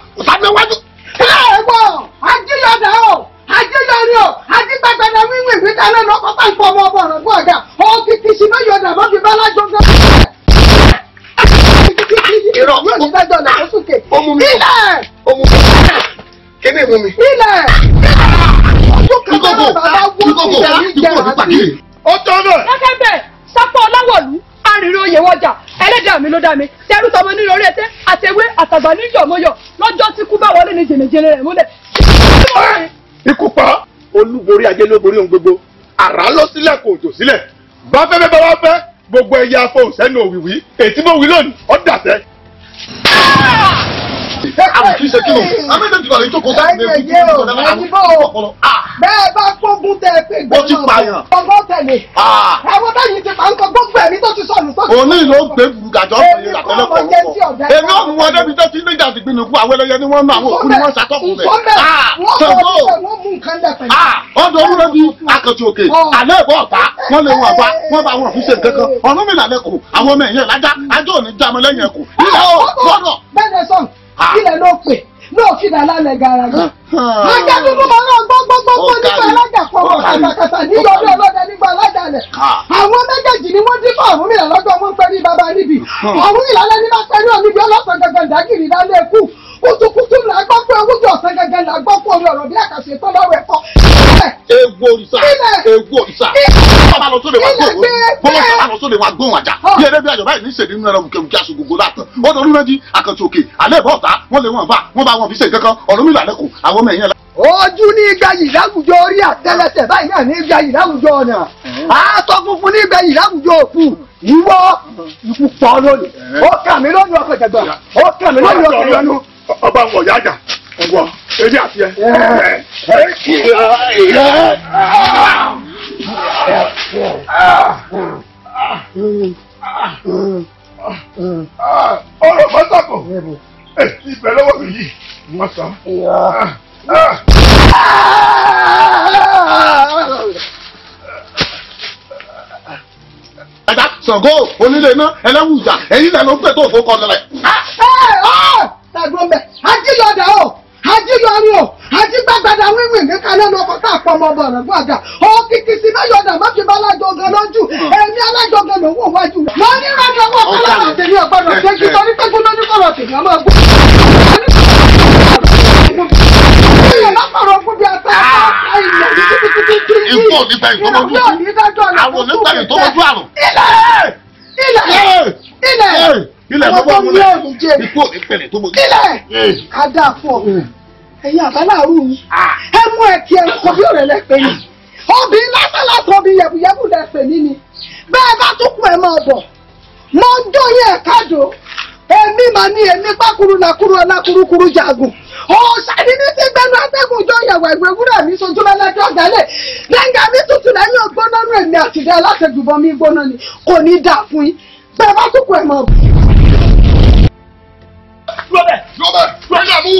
jẹrẹ rẹ̀ múlẹ̀. ikú pa olúborí ajé ló borí ohun gbogbo àrá lọ sílẹ̀ kò jò sílẹ̀ bá fẹ́fẹ́ bá wá fẹ́ gbogbo ẹ̀yà afọ òsẹ́nu òwìwí ètí bó wí lónìí ọ́ dàtẹ́ àwọn kì í ṣe kí ni amẹ́tẹ̀ tí wàá jókòó sáà ní ẹgbẹ́ kí ni àwọn ọpọlọ. bẹ́ẹ̀ bá gbógun tẹ pé gbẹ̀mí ti pààyàn. ọgbọ́n tẹ̀lé ah. àwọn báyìí ti pa nǹkan gbogbo ẹ̀mí tó ti sọ̀lù sókè. òní ló ń gbé gàjọ́ èmi ò mú ọdẹ bíi tẹ́tí nígbà tí gbinu kú àwọn ẹlẹ́yẹ ni wọ́n mú àwọn òkú ni ah. wọ́n ṣàtọ́kùn rẹ̀. ọdọ olúre bíi akọ̀tì òkè àlẹ́ ìbọn ọ̀tá wọ́n lè wọ̀ ọ̀tá wọ́n bá wọn fi ṣe nǹkan kan ọ̀nùmílà lẹ́kọ̀ọ́ àwọn ọmọ ẹ̀yìn ẹ̀ lájá ajọ́ òní jámọ́ lẹ́yìn ẹ̀kọ́ ah. ilẹ̀ ọ̀ gbọ́dọ̀. bẹ́ẹ̀ ni sọ́n ilẹ̀ ló pè náà fi dà lálẹ́ garaga. ajá dúdú máa rán gbọ́ngbọ́ngbọ́ngbọ́n nípa alájà pọ̀wọ́ kàtàkàtà nílò ọdún ọlọ́dẹ nípa alájà rẹ̀. àwọn méjèèjì ni wọ́n dín fún àwọn mìíràn lọ́jọ́ wọn pẹ́ ní baba níbi. àwọn ìlànà ní máa tẹnu ọ̀nìbí ọlọ́sàn gangan dàgìrì lálẹ́ kù. kùtùkùtù là gbọ́ pé owó jọ̀ọ̀sán gangan là gbọ́ pé orí ọ̀rọ̀ bí àkàṣe tọ́lọ́wẹ̀ kọ́ ewu òrìṣà ewu òrìṣà bọ́lá lọ sóde wa gbóhùn bọ́lá lọ sóde wa gbóhùn àjà bí ẹlẹ́bí àjọba yìí ní ìṣèlú nínú ẹran òkèwùkè aṣogogo látàn wọ́n dolú méjì àkàtì òkè alẹ́ ìbọn ọ̀tá wọ́n lé wọn bá wọ́n bá wọn fi ṣe kankan ọ̀rọ̀ mìíràn lẹ́kọ̀ọ́ àwọn ọmọ ẹ̀yìn ẹ̀la. ojú ní gbayì láwùjọ orí àtẹ́lẹsẹ̀ báyìí náà ní gbayì láwùjọ ọ̀nà aṣọ funfun ní gbayì láwùjọ òkú ìwọ ikú pọ̀ lónìí ó kà mí lónìí ọkọ̀ ìjàgbọ́n ó kà mí lónìí ọkọ̀ ìyọnu. ọba ń wọ̀ yájà ọwọ èdè àti ẹ. ọ̀rọ̀ pátákó ibẹ̀ lọ́wọ́ mi yìí má sàn. Ẹ̀dá Ṣàngó onílé iná ẹlẹ́wùjà ẹ̀yìn lẹ́nu pẹ̀tọ́ òfò kan lọ́lẹ̀. Ẹ ẹ ọ́ ṣàgbọ́n bẹ̀, ajílọ̀dà o ajíyọrí o ajígbàgbàdà wíwìn ní kalẹ́ ní ọkọ̀ tá a pọ̀ ọmọ ọba rẹ̀ fún àga ó kìkì sí náà yọ̀dà má fi bá alájọgàn lọ́jú èmi alájọgàn ló wò wájú. mo ní rájọ mọ́ ọ̀pọ̀ lára tèmi ọ̀gbọ́dọ̀ ṣe kí torí pé gbóná ní kọ̀rọ̀ tèmi ọmọ ẹgbẹ́. ìfọ̀ nígbà ìtọ́jú àwọn onígbà ìtọ́jú àrùn. ilẹ̀ ilẹ̀ ilẹ̀ kílẹ̀ tó bọ̀ múlẹ̀ ikú òní tó bọ̀ kílẹ̀ adá ẹ̀yin àbáláàrú ah. ẹ mú ẹkẹ ẹkọ bí òrẹ lẹpẹ yìí ah. obì lásán lásán bí yẹbùyẹbù lẹpẹ ni bẹ́ẹ̀ bá tún kún ẹ máa bọ̀ mọ ń dóyè ẹkádò èmi mà ní èmi pákúrú làkúrú ọlákúrúkúrú jagun ọ̀ṣàdì ní ti gbẹnu atẹ́gùn jọ yẹ̀wò ẹ̀rù ewúrẹ́ mi sojú lẹ́lẹ́jọ́ gálẹ̀ lẹ́ngà mi tutù lẹ́yìn ògbóná nù èmi àtìdá alátẹ̀gùnbọn mi gbóná ni kò ní dáa fún yín bẹ́ẹ̀ bá tún kún ẹ máa bọ̀.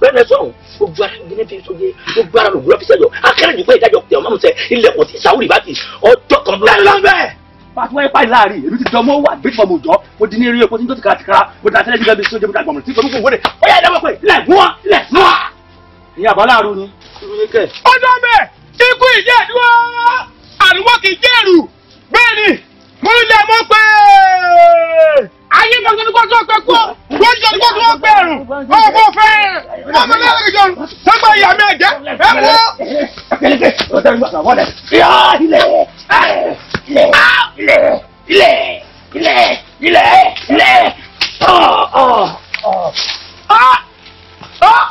bẹ́ẹ̀ sọ̀rọ̀ ojú ara gbẹ́nẹ́ fi sóye gbogbo ara lòwúrọ̀ fi sẹ́yọ akẹ́rẹ́ ìdìbò ìdájọ́ tẹ̀ ọ́ mọ́mùsẹ̀ ilẹ̀kùn sí sàwùrì bá ti ọjọ́ kan bá lọ bẹ́ẹ̀. pàtó wáyé pàdé láàrin èmi ti dọmọ wà bí fọmọ òjọ mo di ní eré epo tí n tó ti kàrà ti kàrà mo dà tẹ́lẹ̀ nígbà mi sóye mo dà gbọmọ tí gbọmọ wọlé ó yà dáwọ́ pé ilẹ̀ mú wa ilẹ̀ mú wa. ìyá àbá láàrú ni. ó bẹ́ẹ̀ ikú ìjẹ́ ìdúró àrùn mọ́kì jẹ́rù bẹ́ẹ̀ ni mo lè mọ́ pé ayé gbọ́dọ̀ ní kótó pé kú wọ́n jẹ́ kótó wọ́n pé ẹ̀rùn ọ̀pọ̀ fẹ́ ọmọ náà lè jọ sọ́gbà ìyá mi ẹ̀jẹ̀ ẹ̀ wọ́. kẹlẹkẹ o tẹ n gbà sọ wọlé yọ ilẹ̀ ilẹ̀ ilẹ̀ ilẹ̀ ilẹ̀ ilẹ̀ ilẹ̀ ọ ọ ọ ọ.